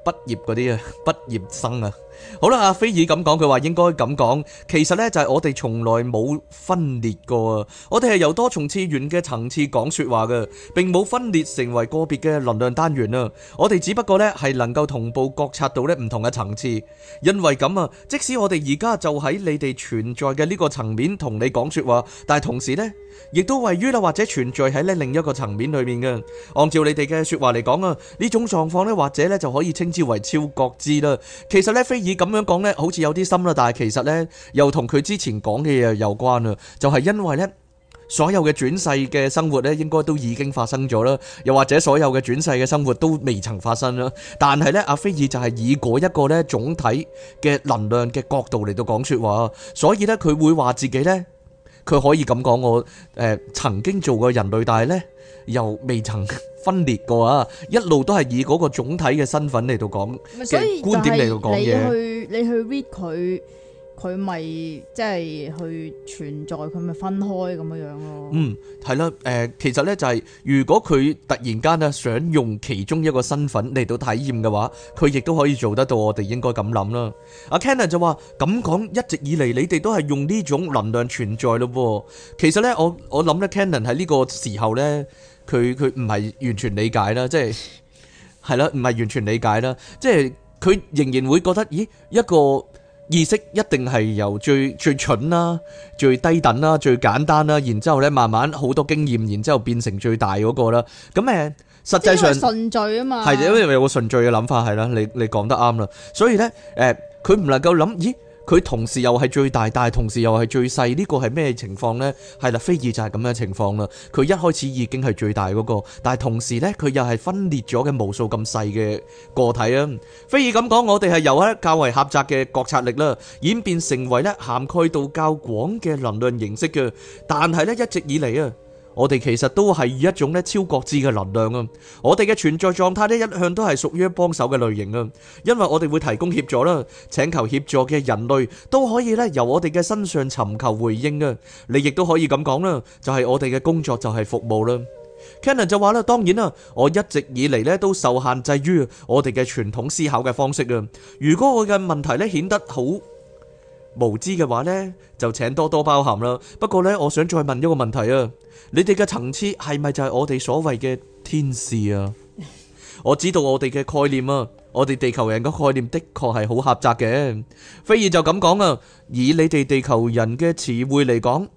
畢業嗰啲啊，畢業生啊。好啦，阿菲爾咁講，佢話應該咁講，其實呢，就係我哋從來冇分裂過啊。我哋係由多重次元嘅層次講說話嘅，並冇分裂成為個別嘅能量單元啊！我哋只不過呢，係能夠同步覺察到呢唔同嘅層次，因為咁啊，即使我哋而家就喺你哋存在嘅呢個層面同你講說話，但係同時呢，亦都位於啦或者存在喺呢另一個層面裏面嘅。按照你哋嘅說話嚟講啊，呢種狀況呢，或者呢，就可以稱之為超覺知啦。其實呢，菲爾。咁樣講咧，好似有啲深啦，但係其實咧又同佢之前講嘅嘢有關啦，就係因為咧所有嘅轉世嘅生活咧，應該都已經發生咗啦，又或者所有嘅轉世嘅生活都未曾發生啦。但係咧，阿菲爾就係以嗰一個咧總體嘅能量嘅角度嚟到講說話，所以咧佢會話自己咧佢可以咁講，我誒曾經做過人類，但係咧。又未曾分裂過啊！一路都係以嗰個總體嘅身份嚟到講嘅觀點嚟到講嘢。你去你去 read 佢，佢咪即係去存在，佢咪分開咁樣樣咯。嗯，係啦。誒，其實咧就係，如果佢突然間咧想用其中一個身份嚟到體驗嘅話，佢亦都可以做得到。我哋應該咁諗啦。阿 Cannon 就話：咁講一直以嚟，你哋都係用呢種能量存在咯。其實咧，我我諗咧，Cannon 喺呢個時候咧。佢佢唔係完全理解啦，即係係啦，唔係、啊、完全理解啦，即係佢仍然會覺得，咦，一個意識一定係由最最蠢啦、最低等啦、最簡單啦，然之後咧慢慢好多經驗，然之後變成最大嗰、那個啦。咁誒，實際上順序啊嘛，係、啊，因為有個順序嘅諗法係啦、啊，你你講得啱啦，所以咧誒，佢、呃、唔能夠諗，咦？佢同時又係最大，但係同時又係最細，呢個係咩情況呢？係啦，非爾就係咁嘅情況啦。佢一開始已經係最大嗰個，但係同時呢，佢又係分裂咗嘅無數咁細嘅個體啊。非爾咁講，我哋係由一較為狹窄嘅覺察力啦，演變成為咧涵蓋度較廣嘅能量形式嘅，但係咧一直以嚟啊。我哋其實都係以一種咧超國志嘅能量啊！我哋嘅存在狀態咧一向都係屬於幫手嘅類型啊，因為我哋會提供協助啦。請求協助嘅人類都可以咧由我哋嘅身上尋求回應啊。你亦都可以咁講啦，就係我哋嘅工作就係服務啦。Cannon 就話啦，當然啦，我一直以嚟咧都受限制於我哋嘅傳統思考嘅方式啊。如果我嘅問題咧顯得好無知嘅話呢，就請多多包涵啦。不過呢，我想再問一個問題啊，你哋嘅層次係咪就係我哋所謂嘅天使啊？ 我知道我哋嘅概念啊，我哋地球人嘅概念的確係好狹窄嘅。菲爾就咁講啊，以你哋地球人嘅詞彙嚟講，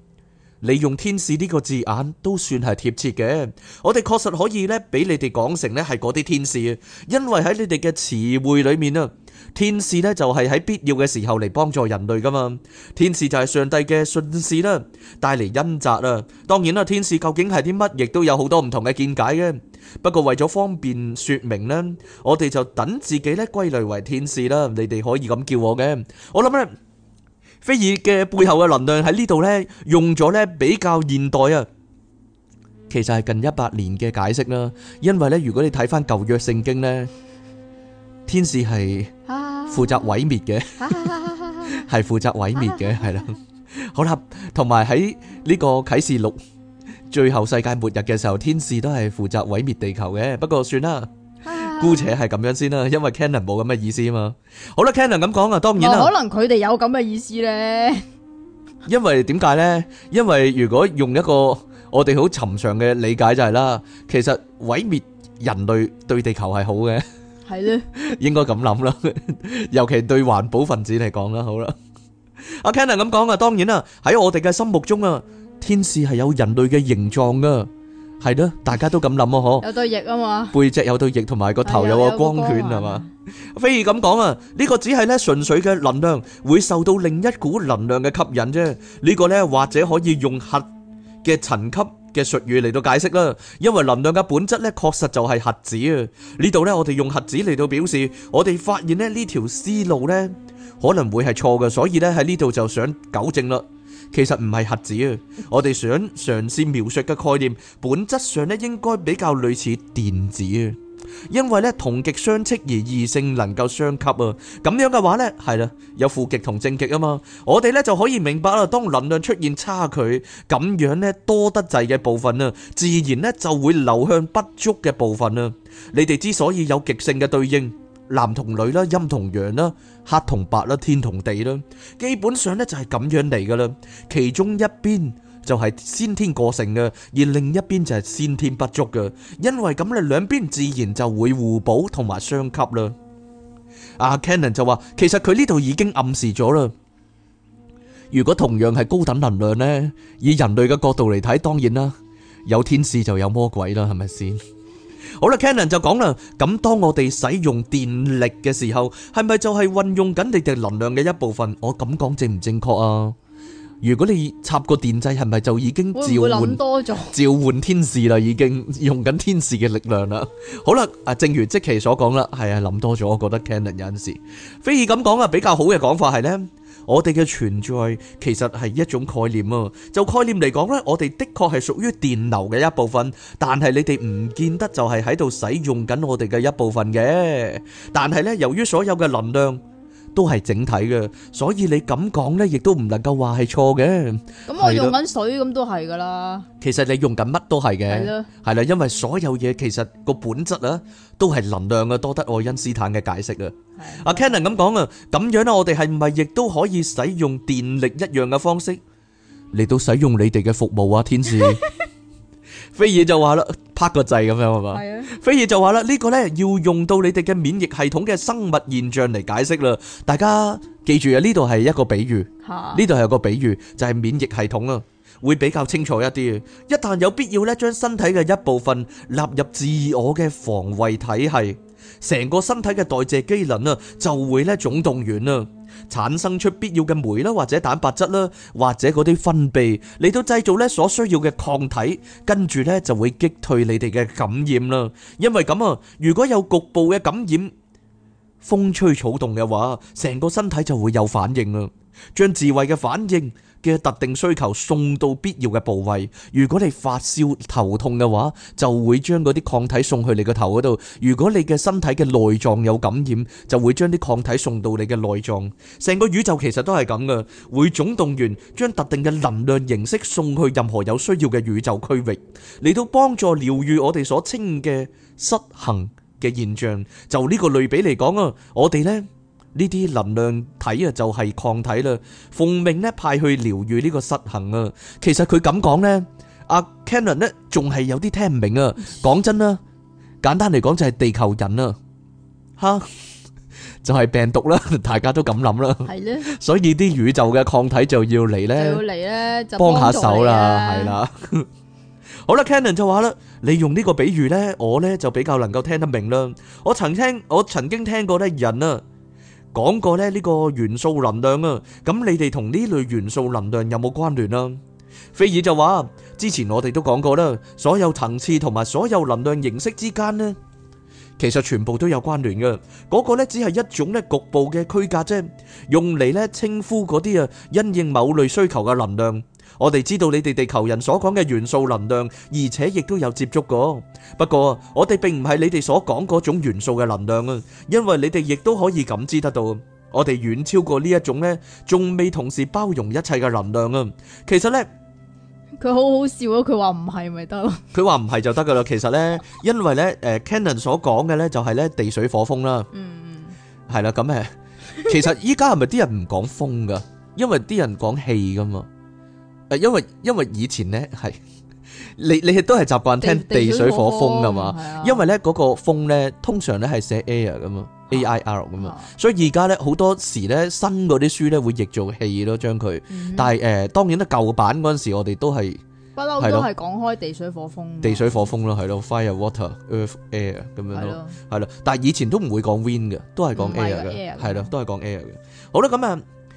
你用天使呢個字眼都算係貼切嘅。我哋確實可以呢，俾你哋講成呢係嗰啲天使，因為喺你哋嘅詞彙裏面啊。天使咧就係喺必要嘅時候嚟幫助人類噶嘛，天使就係上帝嘅信使啦，帶嚟恩澤啊。當然啦，天使究竟係啲乜，亦都有好多唔同嘅見解嘅。不過為咗方便說明咧，我哋就等自己咧歸類為天使啦。你哋可以咁叫我嘅。我諗咧，菲爾嘅背後嘅能量喺呢度咧用咗咧比較現代啊，其實係近一百年嘅解釋啦。因為咧，如果你睇翻舊約聖經咧。天使係負責毀滅嘅，係負責毀滅嘅，係啦，好啦，同埋喺呢個啟示錄最後世界末日嘅時候，天使都係負責毀滅地球嘅。不過算啦，姑且係咁樣先啦，因為 Cannon 冇咁嘅意思啊嘛。好啦，Cannon 咁講啊，當然啦，可能佢哋有咁嘅意思咧。因為點解咧？因為如果用一個我哋好尋常嘅理解就係啦，其實毀滅人類對地球係好嘅。係咧，應該咁諗啦，尤其對環保分子嚟講啦，好啦，阿 Ken 咁講啊，當然啦，喺我哋嘅心目中啊，天使係有人類嘅形狀㗎，係咯，大家都咁諗啊，嗬，有對翼啊嘛，背脊有對翼，同埋個頭有個光圈係嘛，菲爾咁講啊，呢個只係咧純粹嘅能量會受到另一股能量嘅吸引啫，呢個咧或者可以用核嘅層級嘅術語嚟到解釋啦，因為能量嘅本質咧確實就係核子啊！呢度咧我哋用核子嚟到表示，我哋發現咧呢條思路咧可能會係錯嘅，所以咧喺呢度就想糾正啦。其實唔係核子啊，我哋想嘗試描述嘅概念本質上咧應該比較類似電子啊。因為咧同極相斥而異性能夠相吸啊，咁樣嘅話呢係啦，有負極同正極啊嘛，我哋呢就可以明白啦。當能量出現差距，咁樣呢多得滯嘅部分啊，自然呢就會流向不足嘅部分啊。你哋之所以有極性嘅對應，男同女啦，陰同陽啦，黑同白啦，天同地啦，基本上呢就係咁樣嚟噶啦，其中一邊。就係先天過剩嘅，而另一邊就係先天不足嘅，因為咁咧，兩邊自然就會互補同埋相吸啦。阿 Cannon 就話，其實佢呢度已經暗示咗啦。如果同樣係高等能量咧，以人類嘅角度嚟睇，當然啦，有天使就有魔鬼啦，係咪先？好啦，Cannon 就講啦，咁當我哋使用電力嘅時候，係咪就係運用緊你哋能量嘅一部分？我咁講正唔正確啊？如果你插個電掣，係咪就已經召喚召喚天使啦？已經用緊天使嘅力量啦。好啦，啊，正如即奇所講啦，係啊，諗多咗。我覺得 Cannon 有陣時，菲爾咁講啊，比較好嘅講法係呢：我哋嘅存在其實係一種概念啊。就概念嚟講呢，我哋的確係屬於電流嘅一部分，但係你哋唔見得就係喺度使用緊我哋嘅一部分嘅。但係呢，由於所有嘅能量，都係整體嘅，所以你咁講呢，亦都唔能夠話係錯嘅。咁我用緊水，咁都係噶啦。其實你用緊乜都係嘅，係啦，因為所有嘢其實個本質啊，都係能量嘅，多得愛因斯坦嘅解釋啊。阿 Cannon 咁講啊，咁樣呢，我哋係唔係亦都可以使用電力一樣嘅方式嚟到使用你哋嘅服務啊，天使？.菲野就話啦，拍個掣咁樣係嘛？係呀。菲野就話啦，呢個呢，要用到你哋嘅免疫系統嘅生物現象嚟解釋啦。大家記住啊，呢度係一個比喻，呢度係個比喻就係免疫系統啊，會比較清楚一啲。一旦有必要呢，將身體嘅一部分納入自我嘅防衛體系，成個身體嘅代謝機能啊，就會咧總動員啊。產生出必要嘅酶啦，或者蛋白質啦，或者嗰啲分泌，嚟到製造呢所需要嘅抗體，跟住呢，就會擊退你哋嘅感染啦。因為咁啊，如果有局部嘅感染，風吹草動嘅話，成個身體就會有反應啦，將智慧嘅反應，嘅特定需求送到必要嘅部位。如果你發燒頭痛嘅話，就會將嗰啲抗體送去你個頭嗰度。如果你嘅身體嘅內臟有感染，就會將啲抗體送到你嘅內臟。成個宇宙其實都係咁噶，會總動員將特定嘅能量形式送去任何有需要嘅宇宙區域，嚟到幫助療愈我哋所稱嘅失衡嘅現象。就呢個類比嚟講啊，我哋呢。呢啲能量體啊，就係抗體啦。奉命咧派去療愈呢個失衡啊。其實佢咁講咧，阿 Cannon 咧仲係有啲聽唔明啊。講真啦，簡單嚟講就係地球人啊，嚇就係病毒啦，大家都咁諗啦。係咧，所以啲宇宙嘅抗體就要嚟咧，就要嚟咧，就幫下手啦，係啦。好啦，Cannon 就話啦，你用呢個比喻咧，我咧就比較能夠聽得明啦。我曾聽我曾經聽過咧，人啊。講過咧呢個元素能量啊，咁你哋同呢類元素能量有冇關聯啊？菲爾就話，之前我哋都講過啦，所有層次同埋所有能量形式之間咧，其實全部都有關聯嘅。嗰個咧只係一種咧局部嘅區隔啫，用嚟咧稱呼嗰啲啊因應某類需求嘅能量。我哋知道你哋地球人所講嘅元素能量，而且亦都有接觸過。不過我哋並唔係你哋所講嗰種元素嘅能量啊，因為你哋亦都可以感知得到。我哋遠超過呢一種咧，仲未同時包容一切嘅能量啊。其實咧，佢好好笑咯，佢話唔係咪得咯？佢話唔係就得噶啦。其實咧，因為咧，誒，Cannon 所講嘅咧就係咧地水火風啦。嗯，係啦，咁誒，其實依家係咪啲人唔講風噶？因為啲人講氣噶嘛。誒，因為因為以前咧係，你你亦都係習慣聽地水火風噶嘛，因為咧嗰個風咧通常咧係寫 air 噶嘛，a i r 噶嘛，所以而家咧好多時咧新嗰啲書咧會譯做氣咯，將佢，但係誒，當然咧舊版嗰陣時我哋都係不嬲都係講開地水火風，地水火風咯，係咯，fire water earth air 咁樣咯，係咯，但係以前都唔會講 wind 嘅，都係講 air 嘅，係咯，都係講 air 嘅，好啦，咁啊。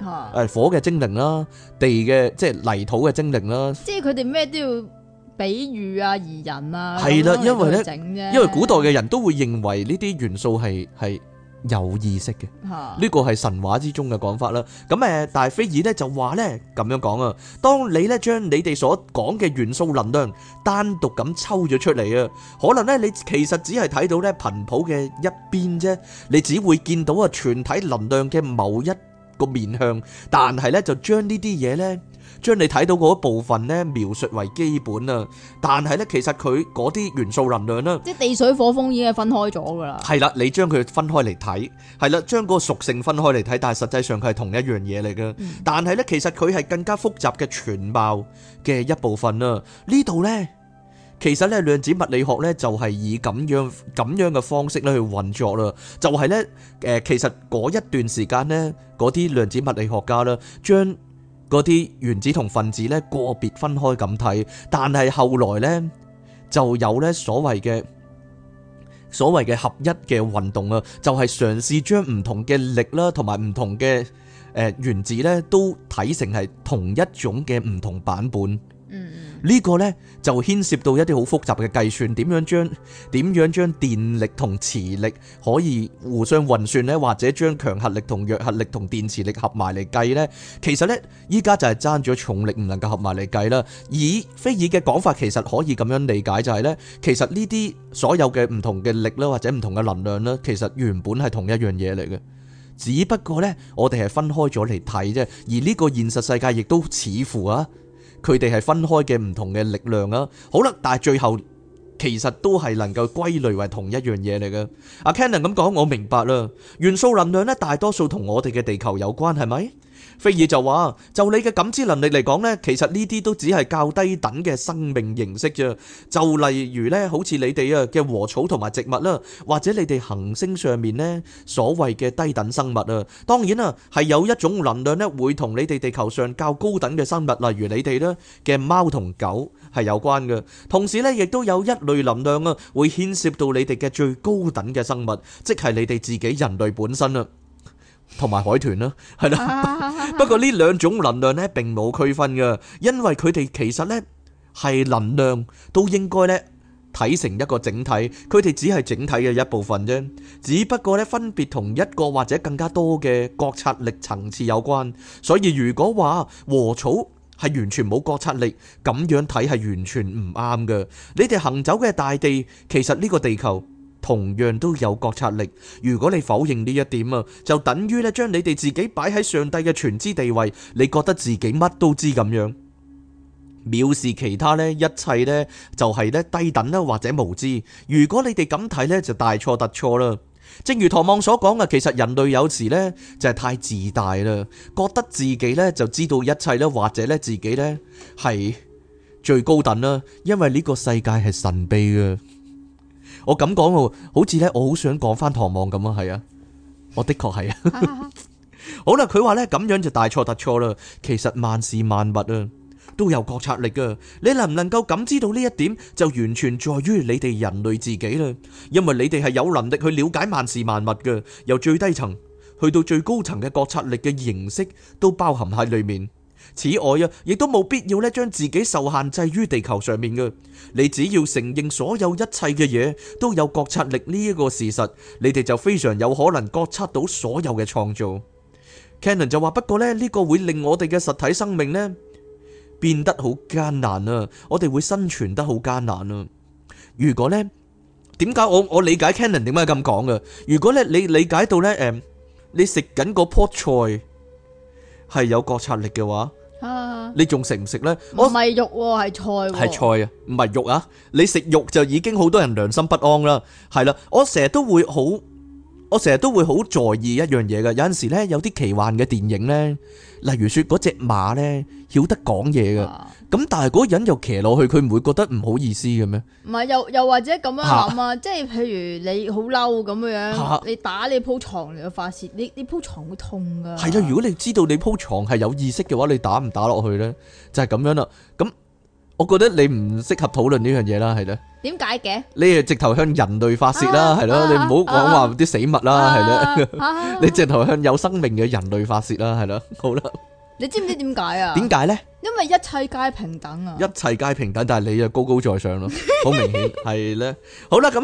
誒，火嘅精靈啦，地嘅即係泥土嘅精靈啦，即係佢哋咩都要比喻啊，擬人啊，係啦，因為咧，因為古代嘅人都會認為呢啲元素係係有意識嘅，呢個係神話之中嘅講法啦。咁誒，但係菲爾咧就話咧咁樣講啊，當你咧將你哋所講嘅元素能量單獨咁抽咗出嚟啊，可能咧你其實只係睇到咧頻譜嘅一邊啫，你只會見到啊全體能量嘅某一。個面向，但係咧就將呢啲嘢咧，將你睇到嗰部分咧描述為基本啊。但係咧，其實佢嗰啲元素能量啦，即係地水火風已經係分開咗噶啦。係啦，你將佢分開嚟睇，係啦，將個屬性分開嚟睇，但係實際上佢係同一樣嘢嚟噶。但係咧，其實佢係更加複雜嘅全貌嘅一部分啊。呢度咧。其實咧，量子物理學咧就係以咁樣咁樣嘅方式咧去運作啦。就係咧，誒，其實嗰一段時間咧，嗰啲量子物理學家咧，將嗰啲原子同分子咧個別分開咁睇，但係後來咧就有咧所謂嘅所謂嘅合一嘅運動啊，就係嘗試將唔同嘅力啦，同埋唔同嘅誒原子咧，都睇成係同一種嘅唔同版本。嗯。呢個呢，就牽涉到一啲好複雜嘅計算，點樣將點樣將電力同磁力可以互相運算呢？或者將強核力同弱核力同電磁力合埋嚟計呢？其實呢，依家就係爭咗重力唔能夠合埋嚟計啦。而菲爾嘅講法其實可以咁樣理解就係呢，其實呢啲所有嘅唔同嘅力啦，或者唔同嘅能量啦，其實原本係同一樣嘢嚟嘅，只不過呢，我哋係分開咗嚟睇啫。而呢個現實世界亦都似乎啊～佢哋係分開嘅唔同嘅力量啊，好啦，但係最後其實都係能夠歸類為同一樣嘢嚟嘅。阿 Cannon 咁講，我明白啦。元素能量咧，大多數同我哋嘅地球有關，係咪？菲爾就話：就你嘅感知能力嚟講呢，其實呢啲都只係較低等嘅生命形式啫。就例如呢，好似你哋啊嘅禾草同埋植物啦，或者你哋行星上面呢，所謂嘅低等生物啊。當然啦，係有一種能量呢，會同你哋地球上較高等嘅生物，例如你哋呢嘅貓同狗係有關嘅。同時呢，亦都有一類能量啊，會牽涉到你哋嘅最高等嘅生物，即係你哋自己人類本身啊。同埋海豚啦，係啦。不過呢兩種能量呢，並冇區分㗎，因為佢哋其實呢係能量，都應該呢睇成一個整體，佢哋只係整體嘅一部分啫。只不過呢，分別同一個或者更加多嘅覺察力層次有關。所以如果話禾草係完全冇覺察力，咁樣睇係完全唔啱㗎。你哋行走嘅大地，其實呢個地球，同樣都有覺察力。如果你否認呢一點啊，就等於咧將你哋自己擺喺上帝嘅全知地位，你覺得自己乜都知咁樣，藐視其他咧，一切咧就係咧低等啦，或者無知。如果你哋咁睇咧，就大錯特錯啦。正如唐望所講啊，其實人類有時咧就係太自大啦，覺得自己咧就知道一切啦，或者咧自己咧係最高等啦，因為呢個世界係神秘嘅。我咁講喎，好似咧，我好想講翻唐望咁啊，係啊，我的確係啊。 好啦，佢話咧咁樣就大錯特錯啦。其實萬事萬物啊，都有覺察力噶。你能唔能夠感知到呢一點，就完全在於你哋人類自己啦。因為你哋係有能力去了解萬事萬物嘅，由最低層去到最高層嘅覺察力嘅形式，都包含喺裏面。此外啊，亦都冇必要咧，將自己受限制於地球上面嘅。你只要承認所有一切嘅嘢都有覺察力呢一個事實，你哋就非常有可能覺察到所有嘅創造。Cannon 就話， 不過咧呢個會令我哋嘅實體生命呢，變得好艱難啊！我哋會生存得好艱難啊！如果呢，點解我我理解 Cannon 點解咁講嘅？如果咧你理解到呢，誒，你食緊嗰樖菜係有覺察力嘅話，吃吃啊！你仲食唔食咧？我唔係肉喎，係菜喎。係菜啊，唔係、啊、肉啊！你食肉就已經好多人良心不安啦。係啦，我成日都會好。我成日都會好在意一樣嘢㗎，有陣時咧有啲奇幻嘅電影咧，例如説嗰隻馬咧曉得講嘢嘅，咁但係嗰個人又騎落去，佢唔會覺得唔好意思嘅咩？唔係，又又或者咁樣諗啊，即係譬如你好嬲咁樣，你打你鋪牀你就發泄，你你鋪牀會痛㗎。係啊，如果你知道你鋪牀係有意識嘅話，你打唔打落去咧？就係咁樣啦，咁。我覺得你唔適合討論呢樣嘢啦，係咧。點解嘅？你係直頭向人類發洩啦，係咯？你唔好講話啲死物啦，係咧。你直頭向有生命嘅人類發洩啦，係咯？好啦。你知唔知點解啊？點解咧？因為一切皆平等啊！一切皆平等，但係你啊高高在上咯，好明顯係咧。好啦，咁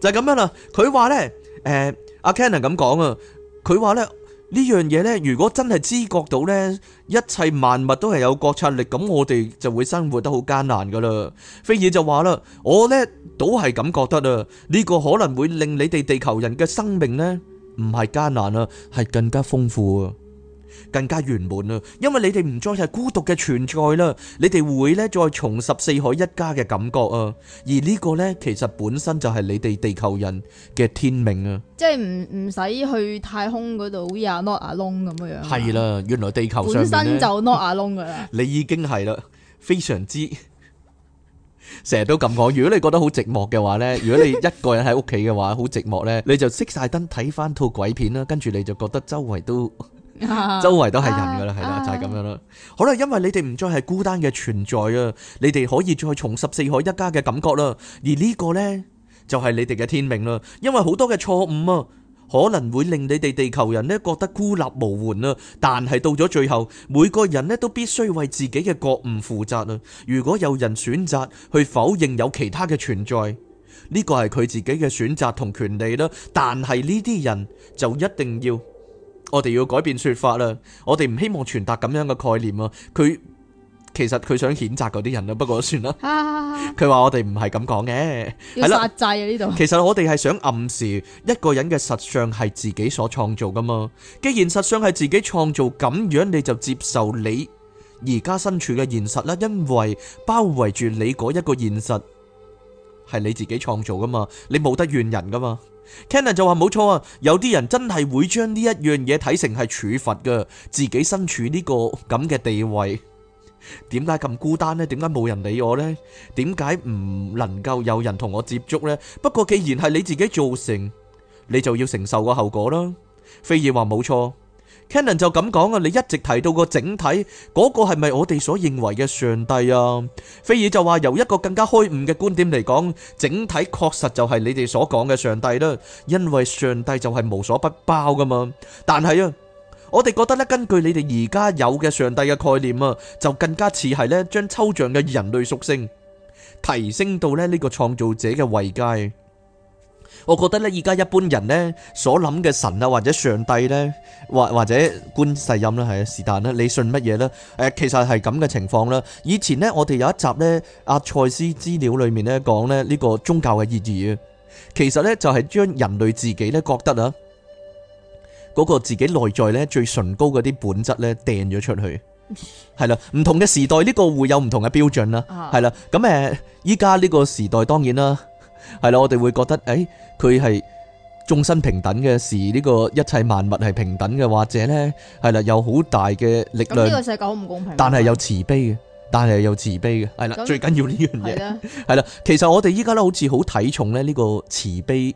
就係咁樣啦。佢話咧，誒，阿 Cannon 咁講啊，佢話咧。呢樣嘢呢，如果真係知覺到呢，一切萬物都係有覺察力，咁我哋就會生活得好艱難噶啦。菲爾就話啦，我呢，都係咁覺得啊，呢個可能會令你哋地球人嘅生命呢，唔係艱難啊，係更加豐富啊。更加圓滿啊！因為你哋唔再係孤獨嘅存在啦，你哋會咧再重拾四海一家嘅感覺啊！而呢個呢，其實本身就係你哋地球人嘅天命啊！即係唔唔使去太空嗰度啊，not alone 咁樣樣。係啦，原來地球本身就 not alone 噶啦。 你已經係啦，非常之成 日都咁講。如果你覺得好寂寞嘅話呢， 如果你一個人喺屋企嘅話，好寂寞呢，你就熄晒燈睇翻套鬼片啦，跟住你就覺得周圍都。周圍都係人噶啦，係啦，就係咁樣啦。好啦，因為你哋唔再係孤單嘅存在啊，你哋可以再重拾四海一家嘅感覺啦。而呢個呢就係你哋嘅天命啦。因為好多嘅錯誤啊，可能會令你哋地球人呢覺得孤立無援啊。但係到咗最後，每個人呢都必須為自己嘅覺悟負責啊。如果有人選擇去否認有其他嘅存在，呢個係佢自己嘅選擇同權利啦。但係呢啲人就一定要。我哋要改變說法啦，我哋唔希望傳達咁樣嘅概念啊！佢其實佢想譴責嗰啲人啦，不過算啦。佢話我哋唔係咁講嘅，係啦。債啊呢度，其實我哋係想暗示一個人嘅實相係自己所創造噶嘛。既然實相係自己創造，咁樣你就接受你而家身處嘅現實啦。因為包圍住你嗰一個現實係你自己創造噶嘛，你冇得怨人噶嘛。Cannon 就話冇錯啊，有啲人真係會將呢一樣嘢睇成係處罰噶，自己身處呢個咁嘅地位，點解咁孤單呢？點解冇人理我呢？點解唔能夠有人同我接觸呢？不過既然係你自己造成，你就要承受個後果囉。菲爾話冇錯。Canon 就咁講啊，你一直提到個整體，嗰、那個係咪我哋所認為嘅上帝啊？菲爾就話由一個更加開悟嘅觀點嚟講，整體確實就係你哋所講嘅上帝啦，因為上帝就係無所不包噶嘛。但係啊，我哋覺得咧，根據你哋而家有嘅上帝嘅概念啊，就更加似係咧將抽象嘅人類屬性提升到咧呢個創造者嘅位階。我覺得咧，而家一般人咧所諗嘅神啊，或者上帝咧，或或者觀世音啦，係啊，是但、啊、啦，你信乜嘢咧？誒，其實係咁嘅情況啦、啊。以前咧，我哋有一集咧阿賽斯資料裏面咧講咧呢個宗教嘅意義啊。其實咧就係、是、將人類自己咧覺得啊嗰、那個自己內在咧最崇高嗰啲本質咧掟咗出去。係啦、 啊，唔同嘅時代呢、這個會有唔同嘅標準啦、啊。係啦、 啊，咁誒，依家呢個時代當然啦。係啦，我哋會覺得誒，佢係眾生平等嘅事。呢、呢個一切萬物係平等嘅，或者呢係啦，有好大嘅力量。呢個世界好唔公平。但係有慈悲嘅，但係有慈悲嘅，係啦，那最緊要呢樣嘢。係啦的，其實我哋依家咧好似好睇重咧呢個慈悲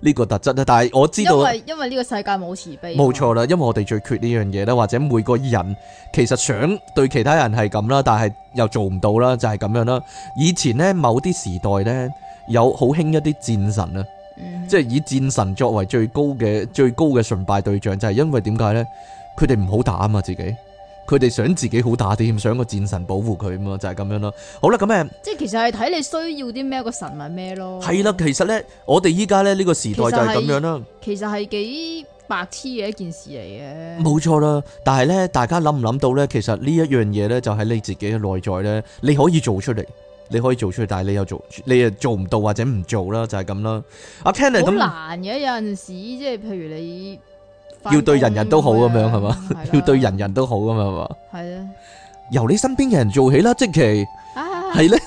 呢個特質啦，但係我知道，因為因為呢個世界冇慈悲。冇錯啦，因為我哋最缺呢樣嘢啦，或者每個人其實想對其他人係咁啦，但係又做唔到啦，就係、是、咁樣啦。以前呢，某啲時代呢。有好興一啲戰神啊，mm hmm. 即係以戰神作為最高嘅最高嘅崇拜對象，就係因為點解咧？佢哋唔好打啊嘛，自己佢哋想自己好打啲，想個戰神保護佢啊嘛，就係咁樣咯。好啦，咁誒，即係其實係睇你需要啲咩個神咪咩咯。係啦，其實咧，我哋依家咧呢個時代就係咁樣啦。其實係幾白痴嘅一件事嚟嘅。冇錯啦，但係咧，大家諗唔諗到咧？其實呢一樣嘢咧，就喺你自己嘅內在咧，你可以做出嚟。你可以做出去，但係你又做，你又做唔到或者唔做啦，就係咁啦。阿 Kenny 咁好難嘅，有陣時即係譬如你要對人人都好咁樣係嘛？要對人人都好咁樣係嘛？係啊，由你身邊嘅人做起啦，即係係咧，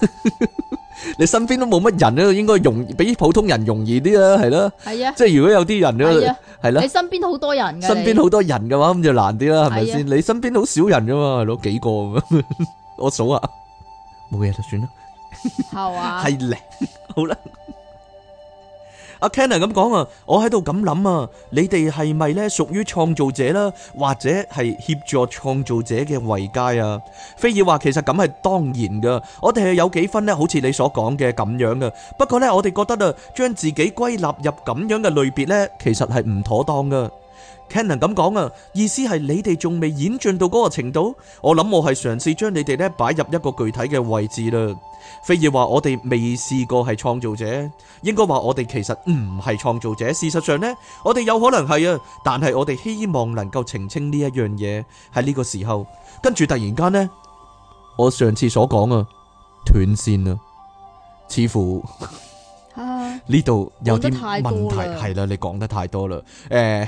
你身邊都冇乜人咧，應該容比普通人容易啲啦，係咯。係啊，即係如果有啲人咯，係咯，你身邊好多人嘅，身邊好多人嘅話咁就難啲啦，係咪先？你身邊好少人噶嘛，攞幾個啊？我數下，冇嘢就算啦。係啊，係零，好啦。阿 Ken 咁講啊，我喺度咁諗啊，你哋係咪咧屬於創造者啦，或者係協助創造者嘅維佳啊？菲爾話其實咁係當然噶，我哋係有幾分咧，好似你所講嘅咁樣噶。不過咧，我哋覺得啊，將自己歸納入咁樣嘅類別咧，其實係唔妥當噶。Canon 咁講啊，意思係你哋仲未演進到嗰個程度。我諗我係嘗試將你哋呢擺入一個具體嘅位置啦。非要話我哋未試過係創造者，應該話我哋其實唔係創造者。事實上呢，我哋有可能係啊，但係我哋希望能夠澄清呢一樣嘢。喺呢個時候，跟住突然間呢，我上次所講啊，斷線啦，似乎呢度、 啊、有啲問題。係啦，你講得太多啦，誒。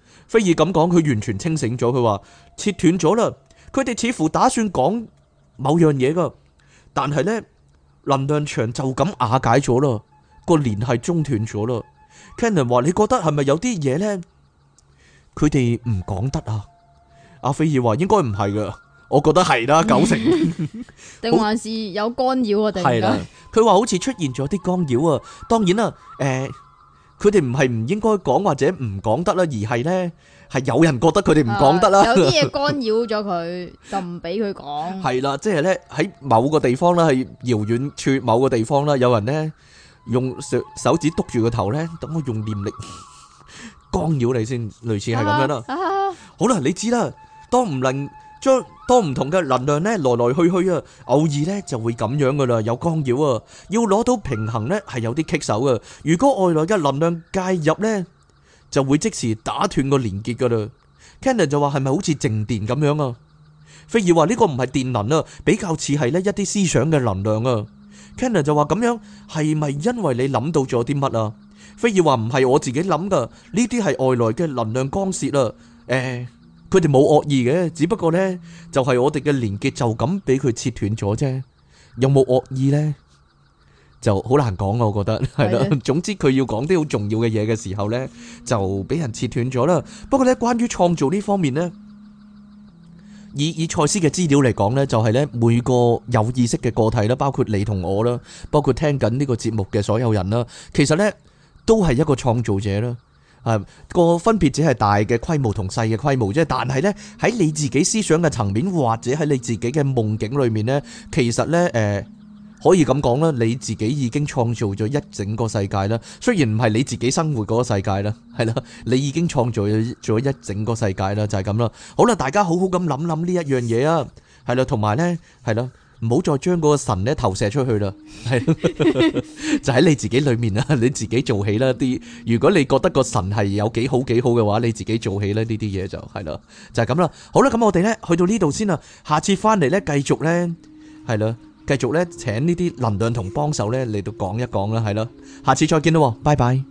菲爾咁講，佢完全清醒咗。佢話切斷咗啦，佢哋似乎打算講某樣嘢噶，但係咧，能量場就咁瓦解咗啦，個聯繫中斷咗啦。Kenner 話：你覺得係咪有啲嘢咧？佢哋唔講得啊！阿菲爾話：應該唔係噶，我覺得係啦，九成定還是有干擾啊？定係啦？佢話好似出現咗啲干擾啊！當然啦，誒。佢哋唔係唔應該講或者唔講得啦，而係咧係有人覺得佢哋唔講得啦，有啲嘢干擾咗佢， 就唔俾佢講。係啦，即係咧喺某個地方啦，係遙遠處某個地方啦，有人咧用手指篤住個頭咧，等我用念力 干擾你先，類似係咁樣啦。啊啊、好啦，你知啦，當唔令。將多唔同嘅能量呢來來去去啊，偶爾呢就會咁樣噶啦，有干擾啊，要攞到平衡呢係有啲棘手啊。如果外來嘅能量介入呢，就會即時打斷個連結噶啦。Cannon 就話係咪好似靜電咁樣啊？菲爾話呢個唔係電能啊，比較似係呢一啲思想嘅能量啊。Cannon 就話咁樣係咪因為你諗到咗啲乜啊？菲爾話唔係我自己諗噶，呢啲係外來嘅能量干涉啊。誒。佢哋冇惡意嘅，只不過呢，就係我哋嘅連結就咁俾佢切斷咗啫，有冇惡意呢？就好難講咯，我覺得係咯。的 總之佢要講啲好重要嘅嘢嘅時候呢，就俾人切斷咗啦。不過呢，關於創造呢方面呢，以以蔡司嘅資料嚟講呢，就係、是、咧每個有意識嘅個體啦，包括你同我啦，包括聽緊呢個節目嘅所有人啦，其實呢，都係一個創造者啦。啊，個分別只係大嘅規模同細嘅規模啫，但係咧喺你自己思想嘅層面或者喺你自己嘅夢境裏面咧，其實咧誒可以咁講啦，你自己已經創造咗一整個世界啦，雖然唔係你自己生活嗰個世界啦，係啦，你已經創造咗一整個世界啦，就係咁啦。好啦，大家好好咁諗諗呢一樣嘢啊，係啦，同埋咧，係啦。唔好再將嗰個神咧投射出去啦，係 就喺你自己裏面啦，你自己做起啦啲。如果你覺得個神係有幾好幾好嘅話，你自己做起啦呢啲嘢就係啦，就係咁啦。好啦，咁我哋咧去到呢度先啦，下次翻嚟咧繼續咧係啦，繼續咧請呢啲能量同幫手咧嚟到講一講啦，係啦，下次再見啦，拜拜。